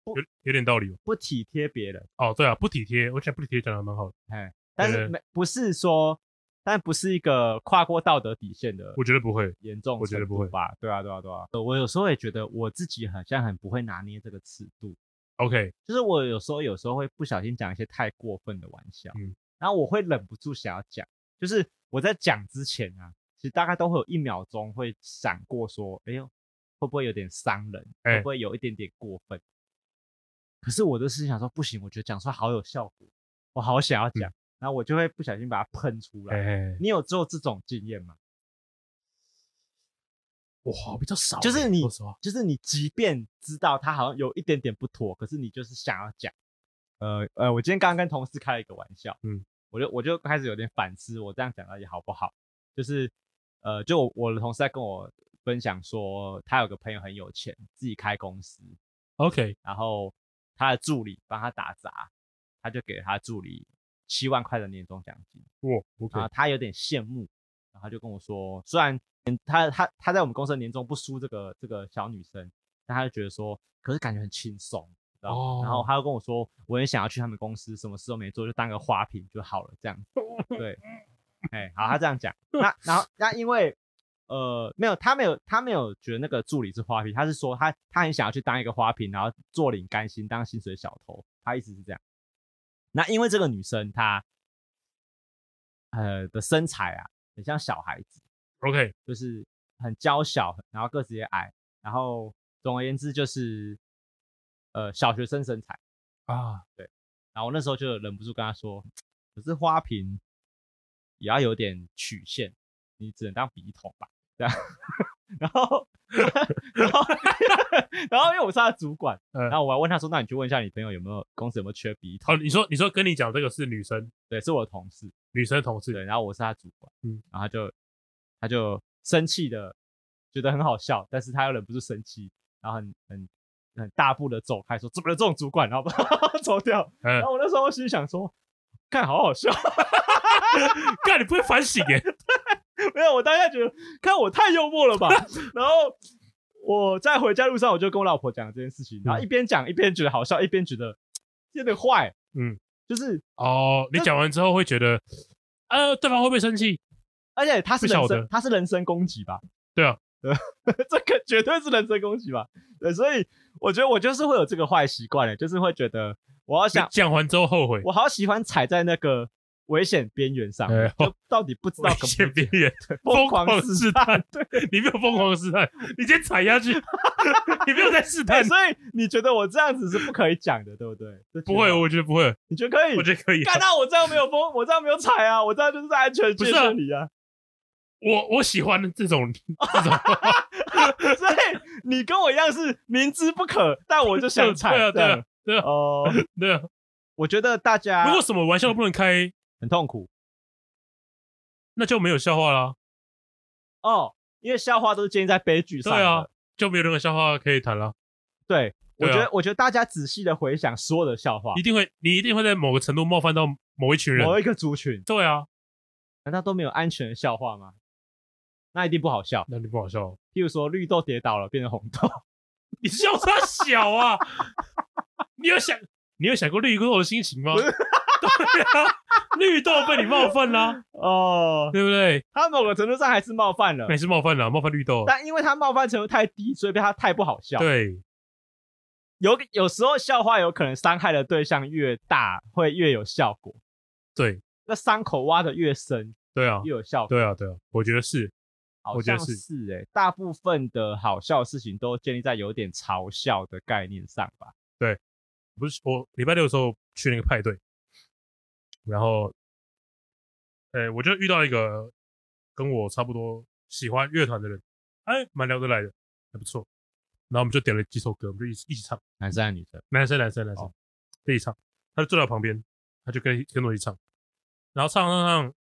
有有點道理、哦。不體貼別人，哦，對啊，不體貼。我覺得不體貼講的蠻好的。哎，但是沒不是說，但不是一個跨過道德底線的。我覺得不會嚴重，我覺得不會吧？對啊，對啊，對啊。對啊 so，我有時候也覺得我自己好像很不會拿捏這個尺度。OK，就是我有時候有時候會不小心講一些太過分的玩笑。嗯。然後我會忍不住想要講，就是我在講之前啊，其實大概都會有一秒鐘會閃過說，哎呦，會不會有點傷人？欸、會不會有一點點過分？可是我的思想說不行，我覺得講出來好有效果，我好想要講，嗯，然後我就會不小心把它噴出來。欸、你有做這種經驗嗎？哇，比較少，就比較少，就是你，就是你，即便知道它好像有一點點不妥，可是你就是想要講。呃呃，我今天剛剛跟同事開了一個玩笑，嗯，我就我就開始有點反思，我這樣講到底好不好？就是呃，就我，我的同事在跟我分享說，他有個朋友很有錢，自己開公司，OK，然後他的助理幫他打雜，他就給了他助理七萬塊的年終獎金，哇、Oh, o、okay. 他有點羨慕，然後他就跟我說，雖然他他他在我們公司的年終不輸這個這個小女生，但他就覺得說，可是感覺很輕鬆。然後，oh. 然後他又跟我說，我很想要去他們公司，什麼事都沒做，就當個花瓶就好了，這樣。對，哎， 好，他這樣講。那，然後，那因為，呃，沒有，他沒有，他沒有覺得那個助理是花瓶，他是說他他很想要去當一個花瓶，然後坐領乾薪，當薪水小偷。他意思是這樣。那因為這個女生，她，呃，的身材啊，很像小孩子，OK，就是很嬌小很，然後個子也矮，然後總而言之就是。呃，小學生身材啊，對。然後那時候就忍不住跟他說：“可是花瓶也要有點曲線，你只能當筆筒吧？”這樣。 然後， 然後， 然後，因為我是他的主管、嗯，然後我還問他說：“那你去問一下你朋友有沒有公司有沒有缺筆筒？”哦，你說，你說跟你講這個是女生，對，是我的同事，女生同事。對，然後我是他主管，嗯，然後他就、嗯，他就生氣的，覺得很好笑，但是他又忍不住生氣，然後很，很。很大步的走開說，說怎麼了這種主管，然後把走掉。然後我那時候我心裡想說，看好好笑，看 你不會反省耶？ 沒有，我當下覺得看我太幽默了吧。 然後我在回家路上，我就跟我老婆講這件事情，然後一邊講一邊覺得好笑，一邊覺得有點壞。嗯，就是哦、oh，你講完之後會覺得，呃，對方會不會生氣？而且他是小的他是人身攻擊吧？對啊。對， 這個絕對是人身攻擊吧？對，所以我覺得我就是會有這個壞習慣嘞，就是會覺得我要想講完之後後悔。我好喜歡踩在那個危險邊緣上，就到底不知道不危險邊緣，瘋狂試探。你沒有瘋狂試探，你直接踩下去 你沒有在試探。所以你覺得我這樣子是不可以講的，對不對？不會，我覺得不會。你覺得可以？我覺得可以、啊。看到我這樣沒有瘋，我這樣沒有踩啊，我這樣就是在安全界線裡啊。我我喜歡這種這種 所以你跟我一樣是明知不可，但我就想踩、 啊。對對、啊、哦，對、啊對、啊呃對啊。我覺得大家如果什麼玩笑都不能開，很痛苦，那就沒有笑話啦、啊。哦，因為笑話都是建立在悲劇上的。對啊，就沒有任何笑話可以談了。對、對、啊，我覺得，我覺得大家仔細的回想所有的笑話，一定會，你一定會在某個程度冒犯到某一群人，某一個族群。對啊，難道都沒有安全的笑話嗎？那一定不好笑，那你不好笑。譬如說，綠豆跌倒了變成紅豆，你笑它小啊？ 你有想，你有想過綠豆的心情嗎？對啊 綠豆被你冒犯了、啊，哦，對不對？它某個程度上還是冒犯了，還是冒犯了，冒犯綠豆。但因為它冒犯程度太低，所以被它太不好笑。對，有有時候笑話有可能傷害的對象越大，會越有效果。對，那傷口挖得越深，對啊，越有效果。對啊，對啊，我覺得是。欸、我覺得是哎，大部分的好笑的事情都建立在有點嘲笑的概念上吧？對，不是我禮拜六的時候去那個派對，然後，哎、欸，我就遇到一個跟我差不多喜歡樂團的人，哎、欸，蠻聊得來的，還不錯。然後我們就點了幾首歌，我們就一起一起唱，男生還是女生？男生，男生，男生，哦、一起唱。他就坐在旁邊，他就跟跟我一起唱，然後唱唱唱，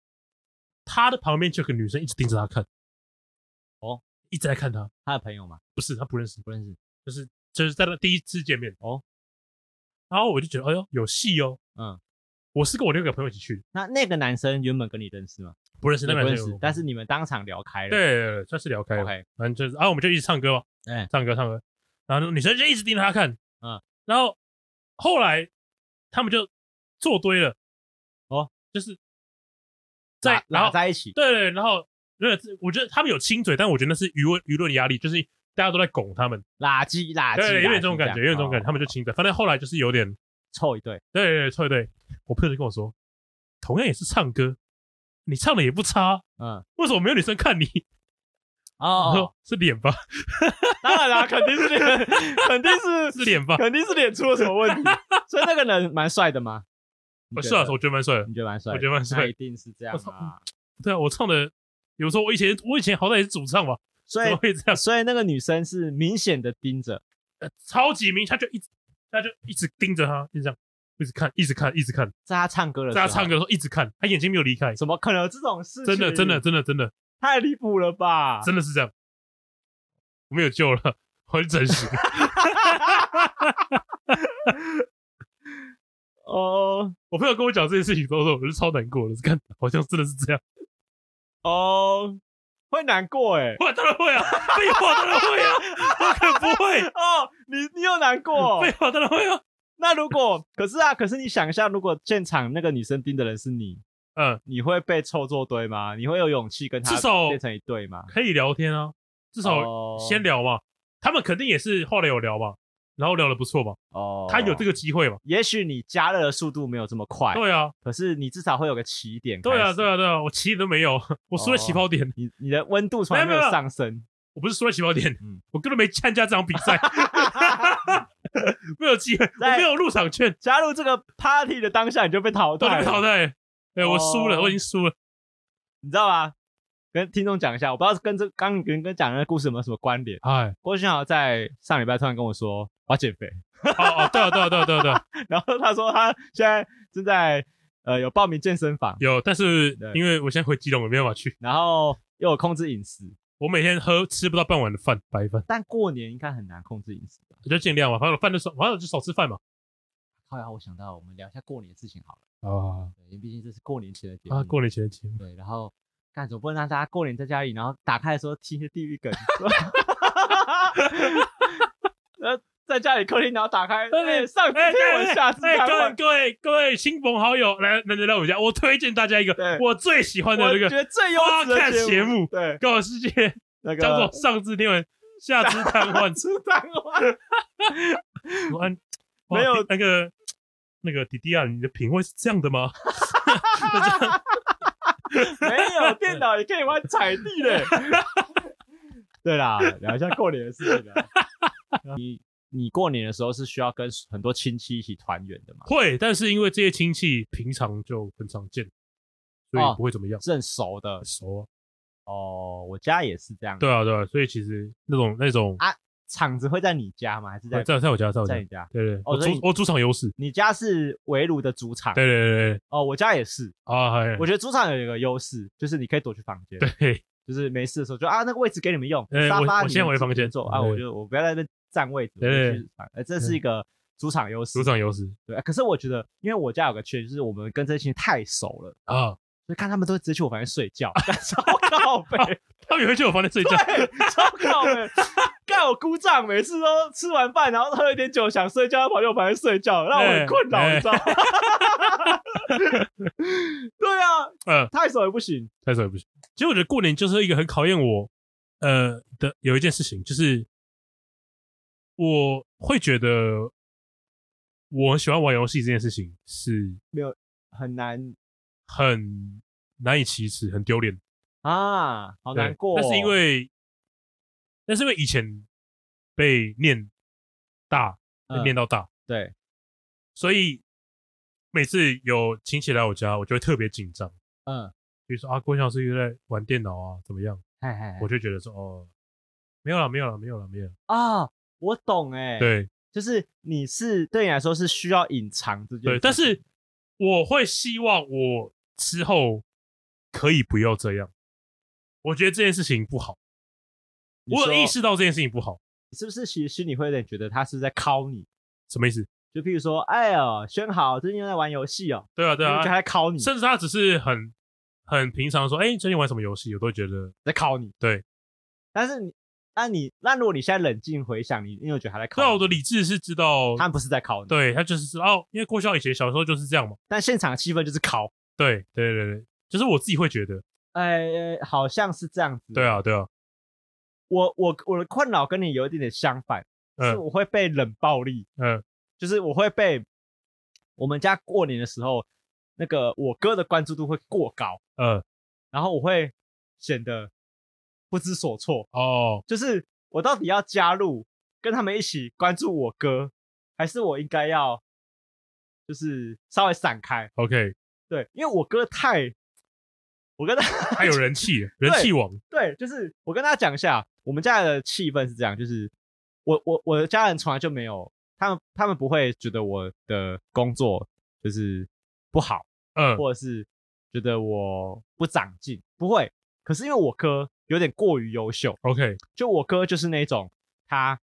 他的旁邊就有個女生一直盯着他看。一直在看他，他的朋友嘛，不是他不認識？不認識，就是就是在那第一次見面哦，然後我就覺得，哎呦有戲哦，嗯，我是跟我那個朋友一起去，那那個男生原本跟你認識嗎？不認識，那不認識，但是你們當場聊開了，對，對，算是聊開了，OK，反正就是，然後我們就一直唱歌嘛，哎，唱歌唱歌，然後女生就一直盯着他看，嗯，然後後來他們就做堆了，哦，就是在然後在一起，對，然後。對，我覺得他們有親嘴，但我覺得那是輿論輿論壓力，就是大家都在拱他們，垃圾垃圾，對，有點這種感覺，有點這種感覺，哦、他們就親嘴、哦。反正後來就是有點湊一對，對對湊一對。我朋友就跟我說，同樣也是唱歌，你唱的也不差，嗯，為什麼沒有女生看你？哦，是臉吧？哦、 當然啦、啊，肯定是臉， 肯定是臉吧，肯定是臉出了什麼問題？ 所以那個人蠻帥的嗎？是啊，我覺得蠻帥的，你覺得蠻帥？我覺得蠻帥，一定是這樣，對啊，我唱的。有時候我以前我以前好歹也是主唱吧，所以這樣，所以那個女生是明顯的盯着，呃，超級明，她就一直，她就一直盯着她，就這樣，一直看，一直看，一直看，在她唱歌的時候，在她唱歌的時候一直看，她眼睛沒有離開。怎麼可能這種事情？真的，真的，真的，真的，太離譜了吧！真的是這樣，我沒有救了，回去整容哈哈哈哦， uh... 我朋友跟我講這件事情之後，我就超難過了，我看好像真的是這樣。哦，會難過哎、欸，會當然會啊，廢話當然會啊， 我可不會哦，你你又難過，廢話當然會啊。那如果 可是啊，可是你想一下，如果現場那個女生盯的人是你，嗯，你會被湊作堆嗎？你會有勇氣跟他至少變成一對嗎？可以聊天啊，至少先聊嘛，哦、他們肯定也是後來有聊嘛。然後聊得不錯吧？哦、oh,，他有這個機會吧。也許你加熱的速度沒有這麼快。對啊，可是你至少會有個起點。對啊，對啊，對啊，我起點都沒有，oh, 我輸了起跑點。你你的溫度從來沒有上升，我不是輸了起跑點，嗯、我根本沒參加這場比賽， 沒有機會，我沒有入場券。加入這個 party 的當下你就被淘汰，就被淘汰，誒、oh, 欸、我輸了，我已經輸了，你知道吧？跟聽眾講一下，我不知道跟這剛跟跟講的故事有沒有什麼關聯。哎，郭勳豪在上禮拜突然跟我說，我要減肥。哦， 哦對啊對啊對啊對啊對。 然後他說他現在正在呃有報名健身房。有，但是因為我現在回基隆有，我沒有辦法去。然後又有控制飲食，我每天喝吃不到半碗的飯白飯。但過年應該很難控制飲食吧？就儘量嘛，反正我飯都少，反、啊、正就少吃飯嘛。好、啊、呀，我想到我們聊一下過年的事情好了。哦、啊，因為畢竟這是過年前的節目。啊，過年前的節目。對，然後。但總不能讓大家過年在家裡，然後打開的時候聽些地獄梗。 然後在家裡客廳，然後打開、欸、上知天文。下知哎、欸，各位、各位、各位親朋好友，來、來、來,來我們家，我推薦大家一個我最喜歡的一、那個，我覺得最優質的節目。目對，高玩世界，那個叫做《上知天文，下知癱瘓》 探。哈哈哈哈哈！沒有那個那個弟弟啊你的品味是這樣的嗎？ 沒有電腦也可以玩踩地雷。 對啦，聊一下過年的事情 你你過年的時候是需要跟很多親戚一起團圓的嗎？會，但是因為這些親戚平常就很常見，所以不會怎麼樣，是、哦、很熟的、啊、熟。哦，我家也是這樣。對啊，對啊，所以其實那種那種啊。場子會在你家嗎？還是在、啊、在，我在我家，在你家。對對，對、哦，我主我主場優勢。你家是圍爐的主場。對，對對對。哦，我家也是啊。Oh, hey. 我覺得主場有一個優勢，就是你可以躲去房間。對，就是沒事的時候就啊，那個位置給你們用。對對對，沙發我。我先回房間坐啊，對對對，我覺得我不要在那佔位置。對，對，哎，這是一個主場優勢。主場優勢。對，可是我覺得，因為我家有個缺點，就是我們跟這些人太熟了啊。Oh. 就看他們都會直接去我房間睡覺，但 超靠北、啊。他們也會去我房間睡覺，超靠北。看 我姑丈每次都吃完飯，然後喝了一點酒，想睡覺，他跑去我房間睡覺，讓我很困擾、欸，你知道嗎？欸、 對啊，呃、太熟也不行，太熟也不行。其實我覺得過年就是一個很考驗我，呃的有一件事情，就是我會覺得我很喜歡玩遊戲這件事情是沒有很難。很難以啟齒，很丟臉啊，好難過、哦。那是因為，那是因為以前被念大，呃、被念到大，對，所以每次有親戚來我家，我就會特別緊張。嗯，比如說啊，郭老師又在玩電腦啊，怎麼樣？嘿嘿，嘿，我就覺得說哦、呃，沒有了，沒有了，沒有了，沒有啦啊，我懂哎、欸，對，就是你是對你來說是需要隱藏自己。對，但是我會希望我。之後可以不要這樣，我覺得這件事情不好。我有意識到這件事情不好。你是不是其實心裡會有點覺得他是在考你？什麼意思？就比如說，哎呀，軒豪最近又在玩遊戲哦。對啊，對啊。我就覺得他在考你。甚至他只是很很平常說，哎、欸，最近玩什麼遊戲？我都覺得在考你。對。但是你，那你，那如果你現在冷靜回想，你因為我覺得他在考。那我的理智是知道，他不是在考你。對，他就是知道，哦，因為郭孝以前小時候就是這樣嘛。但現場氣氛就是考。對對對對，就是我自己會覺得，呃，好像是這樣子。對啊對啊，我我我的困擾跟你有一點點相反，就是我會被冷暴力。嗯，就是我會被我們家過年的時候，那個我哥的關注度會過高。嗯，然後我會顯得不知所措。哦，就是我到底要加入跟他們一起關注我哥，還是我應該要就是稍微閃開？OK。對，因為我哥太，我跟他還有人氣， 人氣王。對，就是我跟大家講一下，我們家的氣氛是這樣，就是我我我的家人從來就沒有，他們他們不會覺得我的工作就是不好，嗯，或者是覺得我不長進，不會。可是因為我哥有點過於優秀，OK，就我哥就是那種他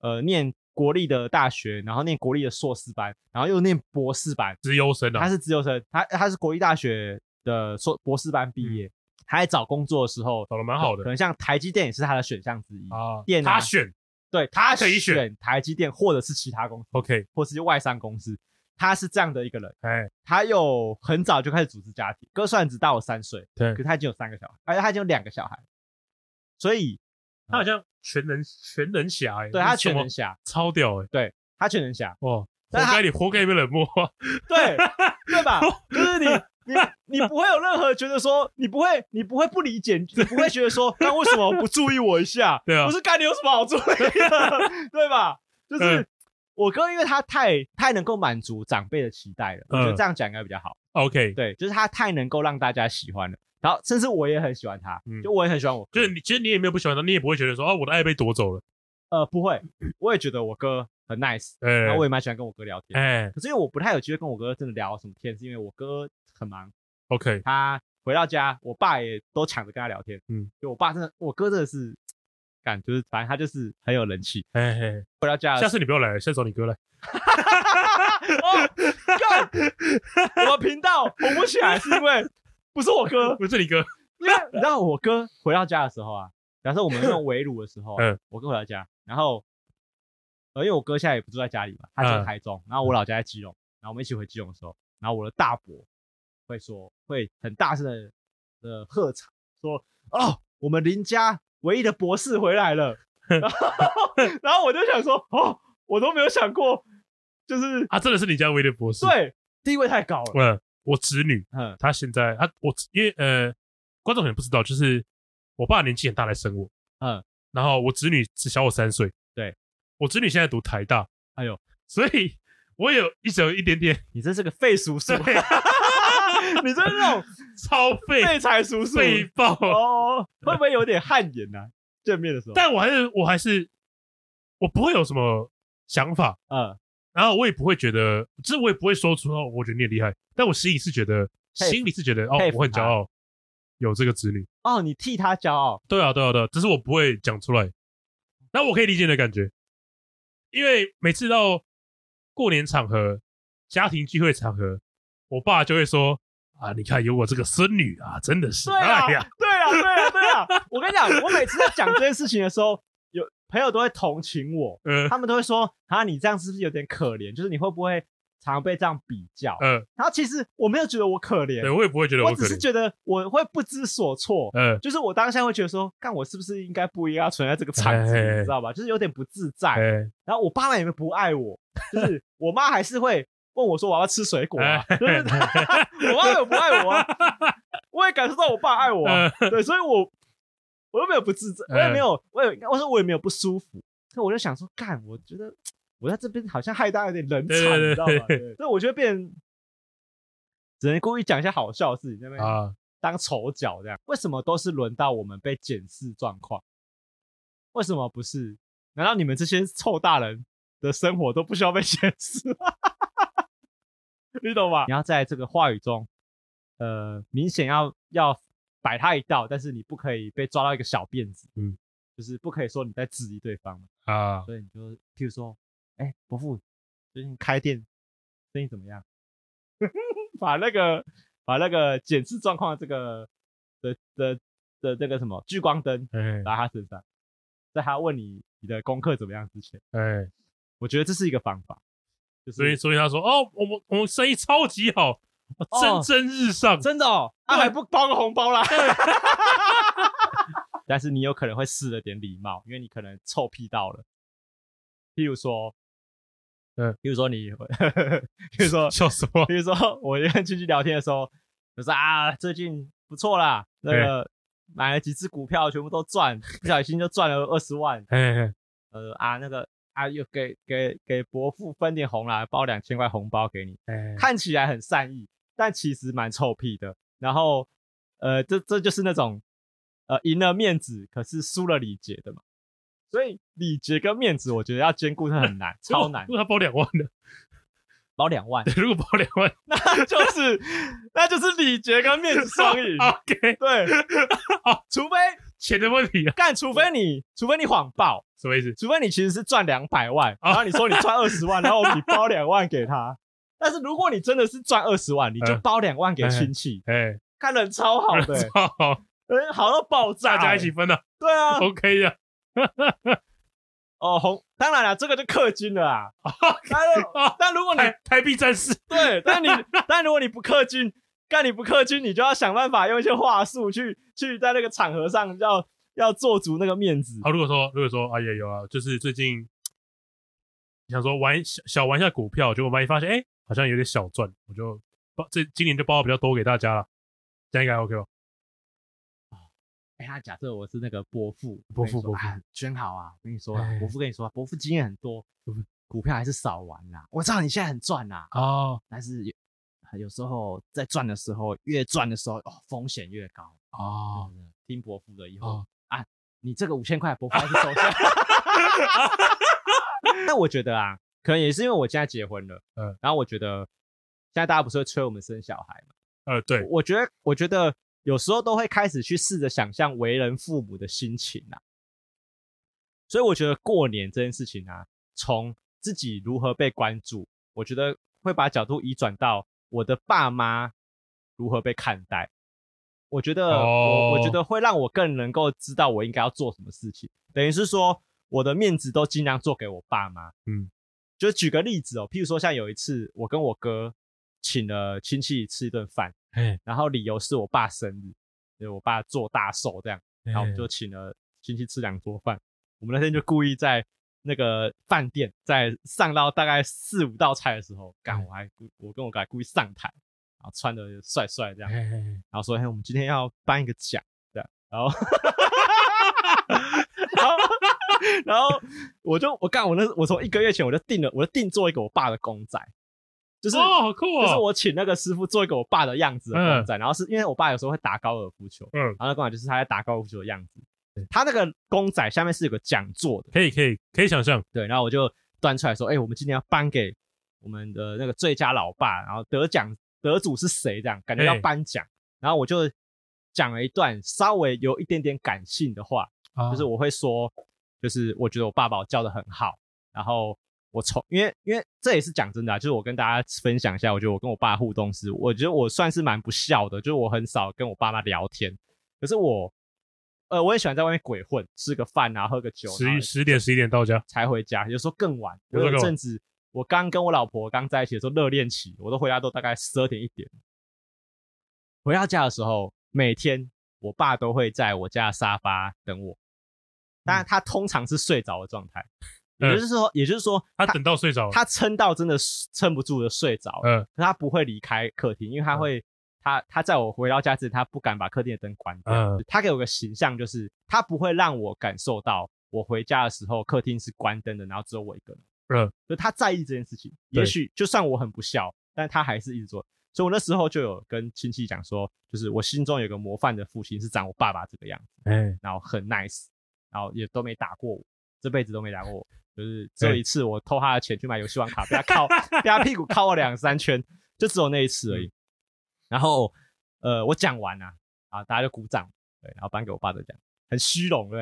呃念。國立的大學，然後念國立的碩士班，然後又念博士班。直優生啊，他是直優生，他他是國立大學的碩博士班畢業，嗯。他在找工作的時候，找得蠻好的，可能像台積電也是他的選項之一啊，啊。他選，對他可以選，選台積電，或者是其他公司，OK，或者是外商公司。他是這樣的一個人，哎，他有很早就開始組織家庭，哥算只大我三歲，對，可是他已經有三個小孩，而、啊、且他已經有兩個小孩，所以。他好像全能全能俠、欸、俠，欸、對，他全能俠，超屌欸，對，他全能俠，哦，活該你，你活該被冷漠， 對對吧？就是你你你不會有任何覺得說你不會你不會不理解，你不會覺得說那為什麼不注意我一下？對啊，不是該你有什麼好注意的，對吧？就是。嗯我哥，因為他太太能夠滿足長輩的期待了，嗯，我覺得這樣講應該比較好。OK，對，就是他太能夠讓大家喜歡了，然後甚至我也很喜歡他，嗯，就我也很喜歡我哥，就是你其實你也沒有不喜歡他，你也不會覺得說啊、哦、我的愛被奪走了，呃，不會，我也覺得我哥很 nice，欸，然後我也蠻喜歡跟我哥聊天，欸，可是因為我不太有機會跟我哥真的聊什麼天，是因為我哥很忙，OK，他回到家，我爸也都搶着跟他聊天，嗯，就我爸真的，我哥真的是。感，就是，反正他就是很有人氣。嘿、hey hey, 回到家，下次你不要來，先找你哥來。 哦、幹 我頻道紅不起來是因為不是我哥， 不是你哥。你看，你知道我哥回到家的時候啊，假設我們用圍爐的時候、啊， 我哥回到家，然後而因為我哥現在也不住在家裡嘛，他住在台中、嗯，然後我老家在基隆、嗯，然後我們一起回基隆的時候，然後我的大伯會說，會很大聲的的喝彩說哦，我們林家。唯一的博士回來了，然後， 然後我就想說，哦，我都沒有想過，就是啊，真的是你家唯一的博士，對，地位太高了。嗯，我侄女，嗯，她現在，她，啊，我因為呃，觀眾可能不知道，就是我爸年紀很大來生我，嗯，然後我侄女只小我三歲，對，我侄女現在讀台大，哎呦，所以我有一手一點點，你真是個廢叔叔 你真是,是那種 超廢，廢柴叔叔，廢爆哦！ 會不會有點汗顏啊？見面的時候， 但我還是，我還是，我不會有什麼想法，嗯，然後我也不會覺得，這我也不會說出，我覺得你也厲害，但我心裡是覺得，心裡是覺得，哦，我很驕傲，有這個子女，哦，你替他驕傲，對啊，對啊，對啊，啊只是我不會講出來，那我可以理解你的感覺，因為每次到過年場合、家庭聚會場合，我爸就會說。啊！你看，有我這個孫女啊，真的是對啊，對啊，對啊，對啊！對啊 我跟你講，我每次在講這件事情的時候，有朋友都會同情我，嗯，他們都會說，啊，你這樣是不是有點可憐？就是你會不會常被這樣比較，嗯，然後其實我沒有覺得我可憐，對我也不會覺得我可憐，我只是覺得我會不知所措，嗯，就是我當下會覺得說，幹我是不是應該不應該存在這個場景，你知道吧？就是有點不自在。嘿嘿然後我爸媽也沒有不愛我，就是我媽還是會。 問我說：“我要，要吃水果，啊！欸對不對」欸、 我媽有不愛我？啊， 我也感受到我爸愛我，啊。欸、對，所以我，我我又沒有不自在，我、欸、也、欸、沒有，我有，我說我也沒有不舒服。所以我就想說，幹，我覺得我在這邊好像害大家有點冷場，對對對，你知道嗎？對所以我覺得變只能故意講一些好笑的事情，在那邊啊當丑角這樣。啊、為什麼都是輪到我們被檢視狀況？為什麼不是？難道你們這些臭大人的生活都不需要被檢視？” 你懂吧？你要在這個話語中，呃，明顯要要擺他一道，但是你不可以被抓到一個小辮子，嗯，就是不可以說你在質疑對方嘛，啊，所以你就譬如說，哎、欸，伯父最近開店生意怎麼樣？ 把那個把那個檢視狀況這個的的的這、那個什麼聚光燈打他身上、欸，在他問你你的功課怎麼樣之前，哎、欸，我覺得這是一個方法。所、就、以、是，所以他說：“哦，我們我們生意超級好，蒸、哦、蒸日上，真的哦，啊、還不包個紅包啦。” 但是你有可能會失了點禮貌，因為你可能臭屁到了。譬如說，嗯，譬如說你， 譬如說，笑什麼？譬如說我跟親戚聊天的時候，我說啊，最近不錯啦，那個買了幾只股票，全部都賺，不小心就賺了二十萬。嘿嘿呃啊，那個。啊，又給給給伯父分點紅來，包兩千塊紅包給你。欸，看起來很善意，但其實蠻臭屁的。然後，呃，這這就是那種，呃，贏了面子，可是輸了禮節的嘛。所以禮節跟面子，我覺得要兼顧是很難，超難。如果他包兩萬的，包兩萬，如果包兩萬，那就是 那就是禮節跟面子雙贏。OK， 對，好、 哦，除非錢的問題啊，幹，除非你， 除非你謊報。什麼意思？除非你其實是賺兩百萬，哦、然後你說你賺二十萬，哦、然後你包兩萬給他。 但是如果你真的是賺二十萬、呃，你就包兩萬給親戚，哎、呃呃，看人超好的、欸，人超好，欸、好到爆炸、欸，大家一起分了，對啊，OK 啊。 哦，紅，當然了、啊，這個就氪金了啊。Okay. 但如果你台幣戰士對，但你 但如果你不氪金，但你不氪金，你就要想辦法用一些話術去去在那個場合上要做足那個面子。啊，如果說，如果說啊，也有啊，就是最近想說玩小小玩一下股票，結果萬一發現哎、欸，好像有點小賺，我就包這今年就包的比較多給大家了，這樣應該 OK 吧？哎、欸，他假設我是那個伯父，伯父我伯父選、哎、好啊，我跟你說了，伯父跟你說，伯父經驗很多，股票還是少玩啦、啊。我知道你現在很賺啦、啊。哦，但是有，有時候在賺的時候，越賺的時候、哦、風險越高哦，聽伯父的，以後。哦你這個五千塊不怕就收下。那我覺得啊，可能也是因為我現在結婚了，嗯，然後我覺得現在大家不是會催我們生小孩嘛？呃、嗯，對我，我覺得我覺得有時候都會開始去試着想象為人父母的心情啊，所以我覺得過年這件事情啊，從自己如何被關注，我覺得會把角度移轉到我的爸媽如何被看待。我覺得我，oh. 我覺得會讓我更能夠知道我應該要做什麼事情。等於是說，我的面子都盡量做給我爸媽。嗯，就舉個例子哦，譬如說，像有一次我跟我哥請了親戚吃一頓飯，哎，然後理由是我爸生日，對、就是、我爸做大壽這樣，然後我們就請了親戚吃兩桌飯。我們那天就故意在那個飯店，在上到大概四五道菜的時候，幹，我還我跟我哥還故意上台。然後穿的帥帥這樣，然後說：“嘿，我們今天要頒一個獎，這樣。”然後 然後，然後我就我剛我那我從一個月前我就定了，我就定做一個我爸的公仔，就是就是我請那個師傅做一個我爸的樣子的公仔。然後是因為我爸有時候會打高爾夫球，嗯，然後那公仔就是他在打高爾夫球的樣子。他那個公仔下面是有個獎座的，可以可以可以想象，對。然後我就端出來說：“哎，我們今天要頒給我們的那個最佳老爸，然後得獎。”得主是誰？這樣感覺要頒獎，然後我就講了一段稍微有一點點感性的話，啊，就是我會說，就是我覺得我爸把我教的很好，然後我從因為因為這也是講真的，啊，就是我跟大家分享一下，我覺得我跟我爸互動是，我覺得我算是蠻不孝的，就是我很少跟我爸媽聊天，可是我，呃，我也喜歡在外面鬼混，吃個飯啊，然後喝個酒，十一十點十一點到家才回家，有時候更晚，有一陣子。我剛跟我老婆剛在一起的時候熱戀期，我都回家都大概十二點一點。回到家的時候，每天我爸都會在我家的沙發等我，當然他通常是睡着的狀態，嗯。也就是說，也就是說他，他等到睡着，他撐到真的撐不住的睡着。嗯，可他不會離開客廳，因為他會，嗯，他他在我回到家之前，他不敢把客廳的燈關掉。嗯，他給我個形象就是，他不會讓我感受到我回家的時候客廳是關燈的，然後只有我一個人。就他在意這件事情，也許就算我很不孝，但他還是一直做。所以我那時候就有跟親戚講說，就是我心中有個模範的父親，是長我爸爸這個樣子，然後很 nice，然後也都沒打過我，這輩子都沒打過我，就是只有一次我偷他的錢去買遊戲王卡，被他靠，被他屁股靠了兩三圈，就只有那一次而已。然後，呃，我講完啊，啊，大家就鼓掌，對，然後頒給我爸的獎。很虛榮哈，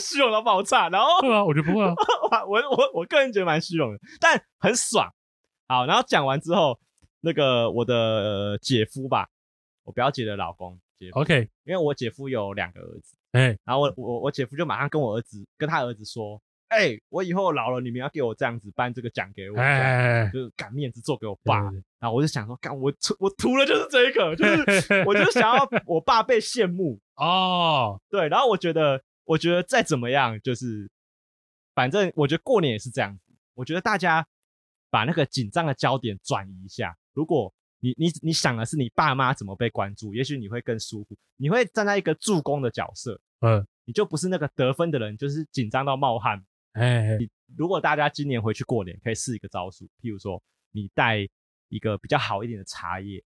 虛榮 到爆炸，然後對啊，我覺得不會啊， 我我我，我個人覺得蠻虛榮的，但很爽。好，然後講完之後，那個我的、呃、姐夫吧，我表姐的老公姐夫，OK，因為我姐夫有兩個兒子，哎、hey，然後我我我姐夫就馬上跟我兒子跟他兒子說。哎、欸，我以後老了，你們要給我這樣子頒這個獎給我，hey, 就是趕面子做給我爸。然後我就想說，幹我我圖的就是這一個，就是 我就想要我爸被羨慕哦。Oh. 對，然後我覺得，我覺得再怎麼樣，就是反正我覺得過年也是這樣子。我覺得大家把那個緊張的焦點轉移一下。如果你你你想的是你爸媽怎麼被關注，也許你會更舒服，你會站在一個助攻的角色，嗯，你就不是那個得分的人，就是緊張到冒汗。哎，如果大家今年回去過年，可以試一個招數。譬如說，你帶一個比較好一點的茶葉，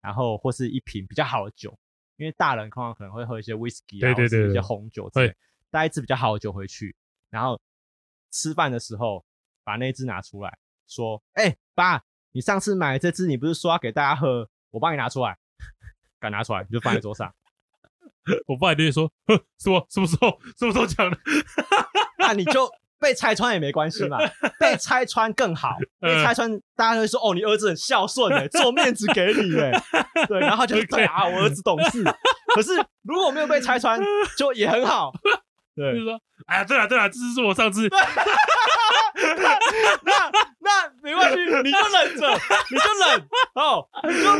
然後或是一瓶比較好的酒，因為大人通常可能會喝一些威士忌，對對對，一些紅酒之類，帶一支比較好的酒回去，然後吃飯的時候把那一支拿出來，說：“哎、欸，爸，你上次買這支，你不是說要給大家喝？我幫你拿出來， 敢拿出來你就放在桌上。 ”我爸一定會說：“什麼？什麼時候？什麼時候講的？” 那 你就被拆穿也沒關係嘛，被拆穿更好，被拆穿大家會說哦，你兒子很孝順誒，做面子給你誒、欸，對，然後就會講，我兒子懂事。可是如果沒有被拆穿，就也很好對。 對，就是說哎呀，對了對了，這是我上次 那。那那沒關係，你就忍着，你就忍哦，你就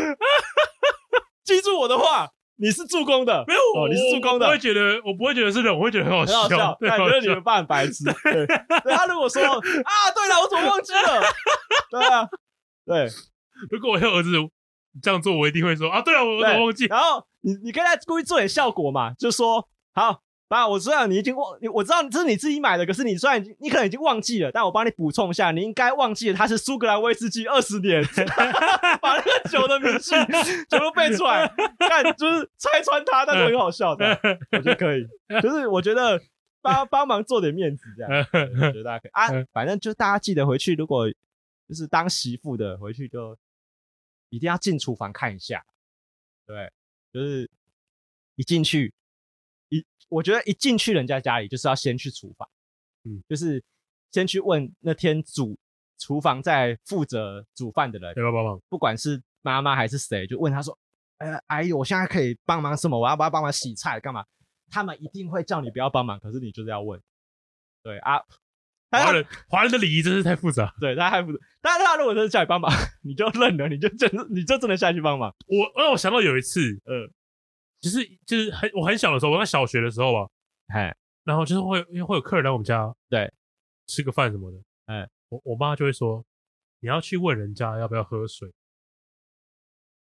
記住我的話。你是助攻的，沒有？哦、你是助攻的，我會覺得，我不會覺得是冷，我會覺得很好笑，覺得你們半白痴 。他如果說啊，對了，我怎麼忘記了？ 對啊，對，如果我有兒子這樣做，我一定會說啊，對了，我怎麼忘記？然後你你可以再故意做點效果嘛，就說好。爸、啊，我知道你已經忘我，我知道這是你自己買的，可是你雖然你可能已經忘記了，但我幫你補充一下，你應該忘記了它是蘇格蘭威士忌二十年， 把那個酒的名字全部背出來，看 就是拆穿它，但是很好笑的， 我覺得可以，就是我覺得幫幫忙做點面子這樣， 我覺得大家可以 啊，反正就大家記得回去，如果就是當媳婦的回去就一定要進廚房看一下， 對，就是一進去。一我覺得一進去人家家裡就是要先去廚房，嗯，就是先去問那天煮廚房在負責煮飯的人要不要幫忙，不管是媽媽還是誰，就問他說，呃、哎，阿姨，我現在可以幫忙什麼？我要不要幫忙洗菜？幹嘛？他們一定會叫你不要幫忙，可是你就是要問。對啊，華人，華人的禮儀真是太複雜。 對，他還複雜，但是他如果真的叫你幫忙，你就認了，你就真，你就真的下去幫忙。我，我想到有一次，嗯、呃。就是就是很我很小的時候，我在小學的時候吧，哎，然後就是會因為會有客人來我們家，對，吃個飯什麼的，哎，我我媽就會說，你要去問人家要不要喝水，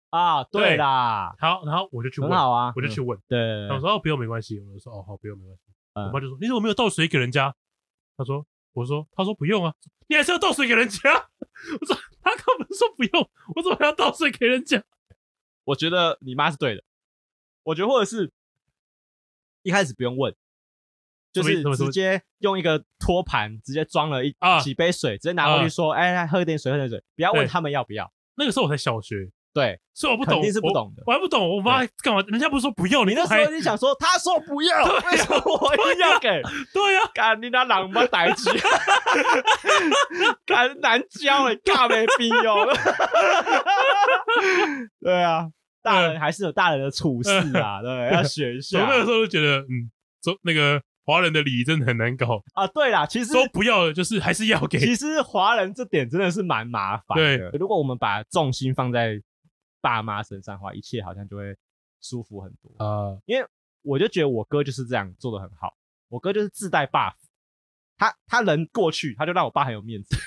啊，對啦，對，好，然後我就去問，好啊，我就去問，嗯、對，然後說哦不用，沒關係，我就說哦好，不用沒關係，嗯，我媽就說你怎麼沒有倒水給人家？他說我說他說不用啊，你還是要倒水給人家，我說他根本說不用，我怎麼還要倒水給人家？我覺得你媽是對的。我覺得，或者是一開始不用問，就是直接用一個托盤直接裝了一幾杯水，呃，直接拿過去說：“哎、呃，來、欸、喝一點水，喝一點水。”不要問他們要不要。那個時候我才小學，對，所以我不懂，我一定是不懂的。我還不懂，我媽幹嘛？人家不是說不要你？你那時候你想說，他說不要，為什麼我一定要給？對呀，趕你那老媽呆子，難教的，干沒必要。對啊。 大人還是有大人的處事啊，呃、對，要學一下。我那個時候就覺得，嗯，說那個華人的禮儀真的很難搞啊、呃。對啦，其實都不要，就是還是要給。其實華人這點真的是蠻麻煩的。對，如果我們把重心放在爸媽身上的話，一切好像就會舒服很多啊、呃。因為我就覺得我哥就是這樣做的很好，我哥就是自帶 buff，他他人過去他就讓我爸很有面子，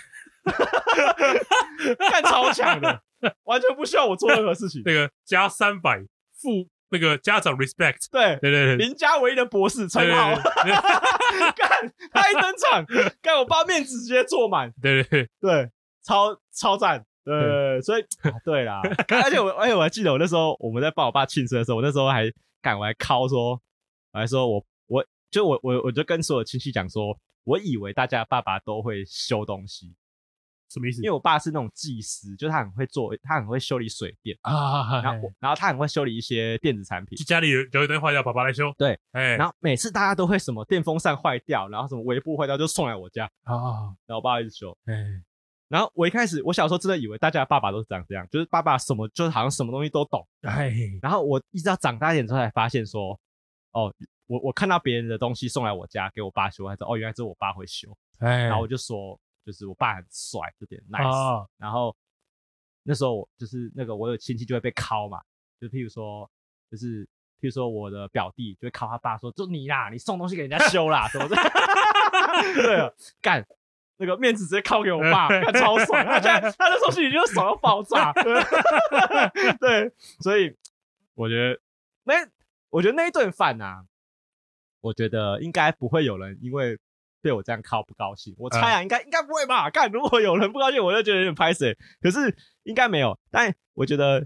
看 超強的。 完全不需要我做任何事情。那個加300負那個家長 respect，對，對對對，林家唯一的博士稱號，對對對對 乾，他一登場， 乾我爸面子直接坐滿，對對對，對超超讚對對對對。對。所以、 啊、對啦、 啊，而且我而且、欸、我還記得我那時候我們在幫我爸慶生的時候，我那時候還趕過來 call 說，我還說我我就我我我就跟所有親戚講說，我以為大家爸爸都會修東西。什麼意思？因為我爸是那種技師，就是他很會做，他很會修理水電啊，oh, 然後、hey. 然後他很會修理一些電子產品，就家裡有有一堆壞掉，爸爸來修。對，哎、hey.，然後每次大家都會什麼電風扇壞掉，然後什麼微波壞掉，就送來我家啊，oh. 然後我爸一直修，哎、hey.，然後我一開始我小時候真的以為大家的爸爸都是長這樣，就是爸爸什麼就是好像什麼東西都懂，哎、hey.，然後我一直到長大一點之後才發現說，哦，我我看到別人的東西送來我家給我爸修，還是哦，原來只有我爸會修，哎、hey.，然後我就說。就是我爸很帥，就有點 nice。Oh. 然後那時候就是那個我有親戚就會被敲嘛，就譬如說，就是譬如說我的表弟就會敲他爸說：“就你啦，你送東西給人家修啦，什 不的是。 對，幹那個面子直接敲給我爸， 超爽。他現在 他就居說然：“心裡就爽到爆炸。”對，所以我覺得那我覺得那一頓飯呢、啊，我覺得應該不會有人因為。被我這樣靠不高興？我猜啊，應該應該不會吧？幹、呃，如果有人不高興，我就覺得有點歹勢。可是應該沒有，但我覺得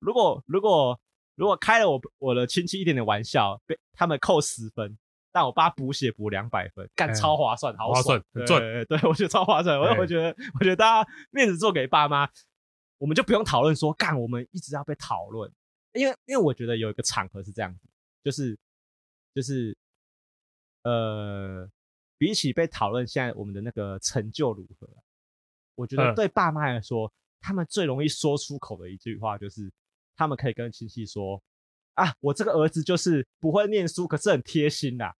如，如果如果如果開了我我的親戚一點點玩笑，被他們扣十分，但我爸補血補兩百分，幹超划算，欸、好划算，對，對，對，對我覺得超划算。我、欸、我覺得，我覺得大家面子做給爸媽，我們就不用討論說幹，我們一直要被討論。因為因為我覺得有一個場合是這樣子，就是就是呃。比起被討論，現在我們的那個成就如何，啊？我覺得對爸媽來說，嗯，他們最容易說出口的一句話就是，他們可以跟親戚說：“啊，我這個兒子就是不會念書，可是很貼心吶。”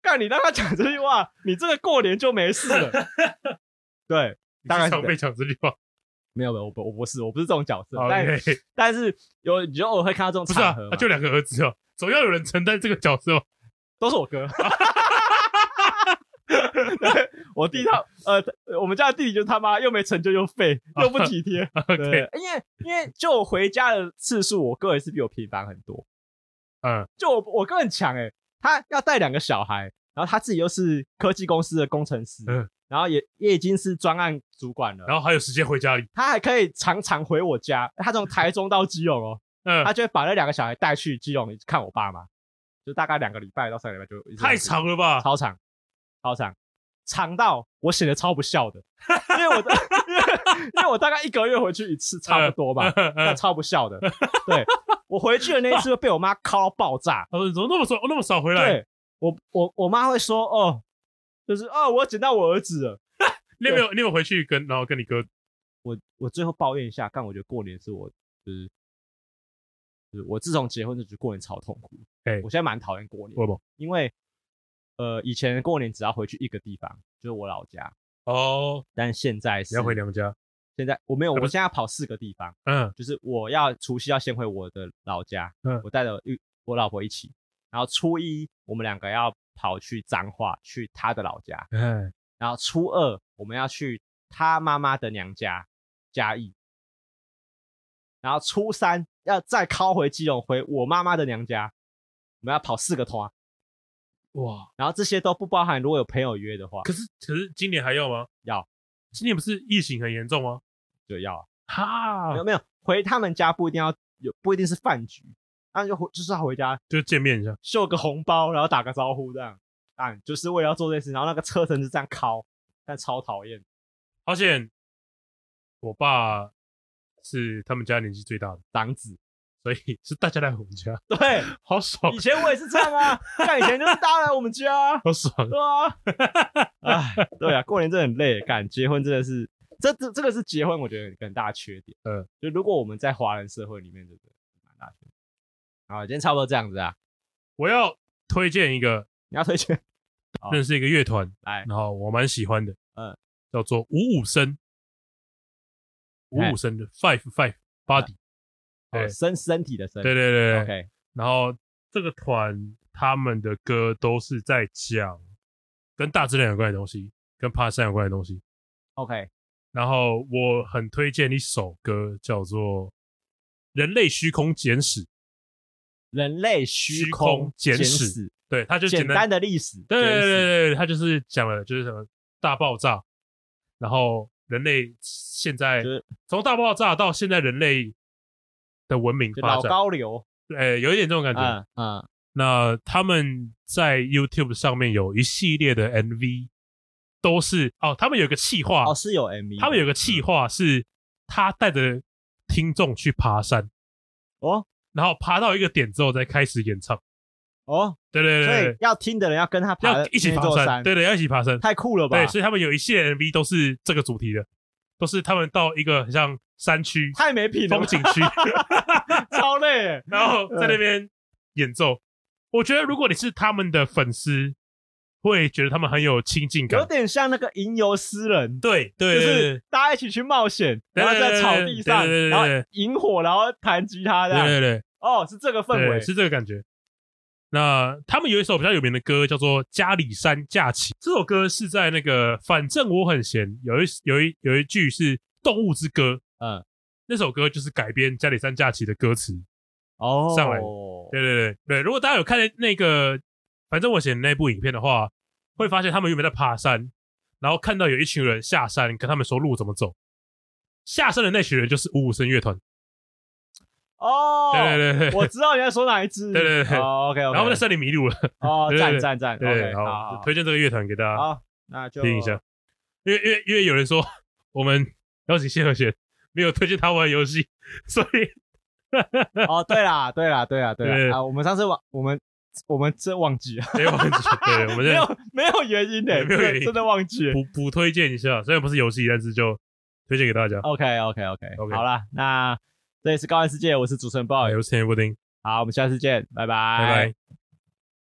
幹，你讓他講這句話， 你這個過年就沒事了。 對，你當然你常被講這句話，沒有沒有，我不我不是我不是這種角色。Okay. 但但是有你就偶爾會看到這種場合。不是啊，就兩個兒子哦，總要有人承擔這個角色。都是我哥。 對我弟他 呃，我們家的弟弟就是他媽又沒成就又廢又不體貼。 對，okay. 因為因為就我回家的次數，我哥也是比我頻繁很多。嗯，就我我哥很強哎，他要帶兩個小孩，然後他自己又是科技公司的工程師，嗯，然後也也已經是專案主管了，然後還有時間回家裡。他還可以常常回我家，他從台中到基隆哦，嗯，他就會把那兩個小孩帶去基隆看我爸媽，就大概兩個禮拜到三個禮拜就太長了吧，超長。超長，長到我顯得超不孝的，因為我的， 因為，那我大概一個月回去一次，差不多吧， 超不孝的。 對，我回去的那一次就被我媽敲爆炸，他 說、哦、怎麼那麼少，那麼少回來？對，我我我媽會說哦，就是哦，我撿到我兒子了。 你有沒有，你有沒有回去跟然後跟你哥？我我最後抱怨一下，但我覺得過年是我就是，就是我自從結婚就是過年超痛苦。欸、我現在蠻討厭過年，為什麼？因為。呃，以前過年只要回去一個地方，就是我老家哦。Oh, 但現在是要回娘家，現在我沒有、啊，我現在要跑四個地方。嗯，就是我要除夕要先回我的老家，嗯，我帶着我老婆一起。然後初一我們兩個要跑去彰化，去他的老家。嗯。然後初二我們要去他媽媽的娘家嘉義。然後初三要再靠回基隆，回我媽媽的娘家。我們要跑四個團。哇，然後這些都不包含，如果有朋友約的話。可是，可是今年還要嗎？要，今年不是疫情很嚴重嗎？就要啊。哈，沒有沒有，回他們家不一定要有，不一定是飯局，那、啊、就就是要回家就見面一下，秀個紅包，然後打個招呼這樣。啊，就是為了要做這件事，然後那個車程就這樣敲，但超討厭。而且我爸是他們家年紀最大的長子。所以是大家來我們家，對，好爽，啊。以前我也是這樣啊，像 以前就是大家來我們家，好爽，啊。對啊，哎， 對啊，過年真的很累，幹結婚真的是，這這這個是結婚，我覺得很大缺點。嗯，就如果我們在華人社會裡面，這個蠻大缺點。好，今天差不多這樣子啊。我要推薦一個，你要推薦，認識一個樂團，哦、來，然後我蠻喜歡的，嗯，叫做五五生，五五生的 Five Five Body，嗯對，哦、身身體的身體，對，對對對。OK，然後這個團他們的歌都是在講跟大自然有關的東西，跟爬山有關的東西。OK，然後我很推薦一首歌叫做《人類虛空簡史》，人類虛空簡史，簡史簡史對，它就是簡單，簡單的歷史。對對對對，對，它就是講了就是什麼大爆炸，然後人類現在從大爆炸到現在人類。的文明發展，老高流，對，有一點這種感覺。嗯、啊啊，那他們在 YouTube 上面有一系列的 MV，都是哦，他們有個企劃，哦，是有 MV，他們有個企劃是，嗯、他帶着聽眾去爬山，哦，然後爬到一個點之後再開始演唱，哦，對對對，所以要聽的人要跟他爬山，要一起爬山，對對，要一起爬山，太酷了吧？對，所以他們有一系列 MV 都是這個主題的，都是他們到一個很像。山區太沒品了，風景區 超累。然後在那邊演奏，我覺得如果你是他們的粉絲，會覺得他們很有親近感，有點像那個吟遊詩人。對對，對對，就是大家一起去冒險，然後在草地上，對對對，然後營火，然後彈吉他，這樣。對對哦，oh, 是這個氛圍，是這個感覺。那他們有一首比較有名的歌叫做《家里山假期》，這首歌是在那個反正我很閒，有一有一有一句是《動物之歌》。嗯，那首歌就是改編《加里山假期》的歌詞哦。Oh, 上來，對對對對，如果大家有看那個，反正我寫的那部影片的話，會發現他們有沒有在爬山，然後看到有一群人下山，跟他們說路怎麼走。下山的那群人就是五五聲樂團。哦、oh，對對對，我知道你在說哪一支。對對對，o、oh, k、okay, okay. 然後在森林迷路了。哦、oh, 讚讚讚，對 okay, 好，好，推薦這個樂團給大家。好，那就聽一下。因為因為因為有人說，我們邀請謝和弦沒有推薦他玩遊戲，所以哦，對啦，對啦，對啦，對啦，對啊，我們上次忘我們我們真忘記了，沒有忘記，對，我們沒有沒有原因的，沒有原因，真的忘記了，補補推薦一下，雖然不是遊戲，但是就推薦給大家。OK OK OK OK，好啦，那這裡是高玩世界，我是主持人 boy，有請布丁，好，我們下次見，拜拜。Bye bye.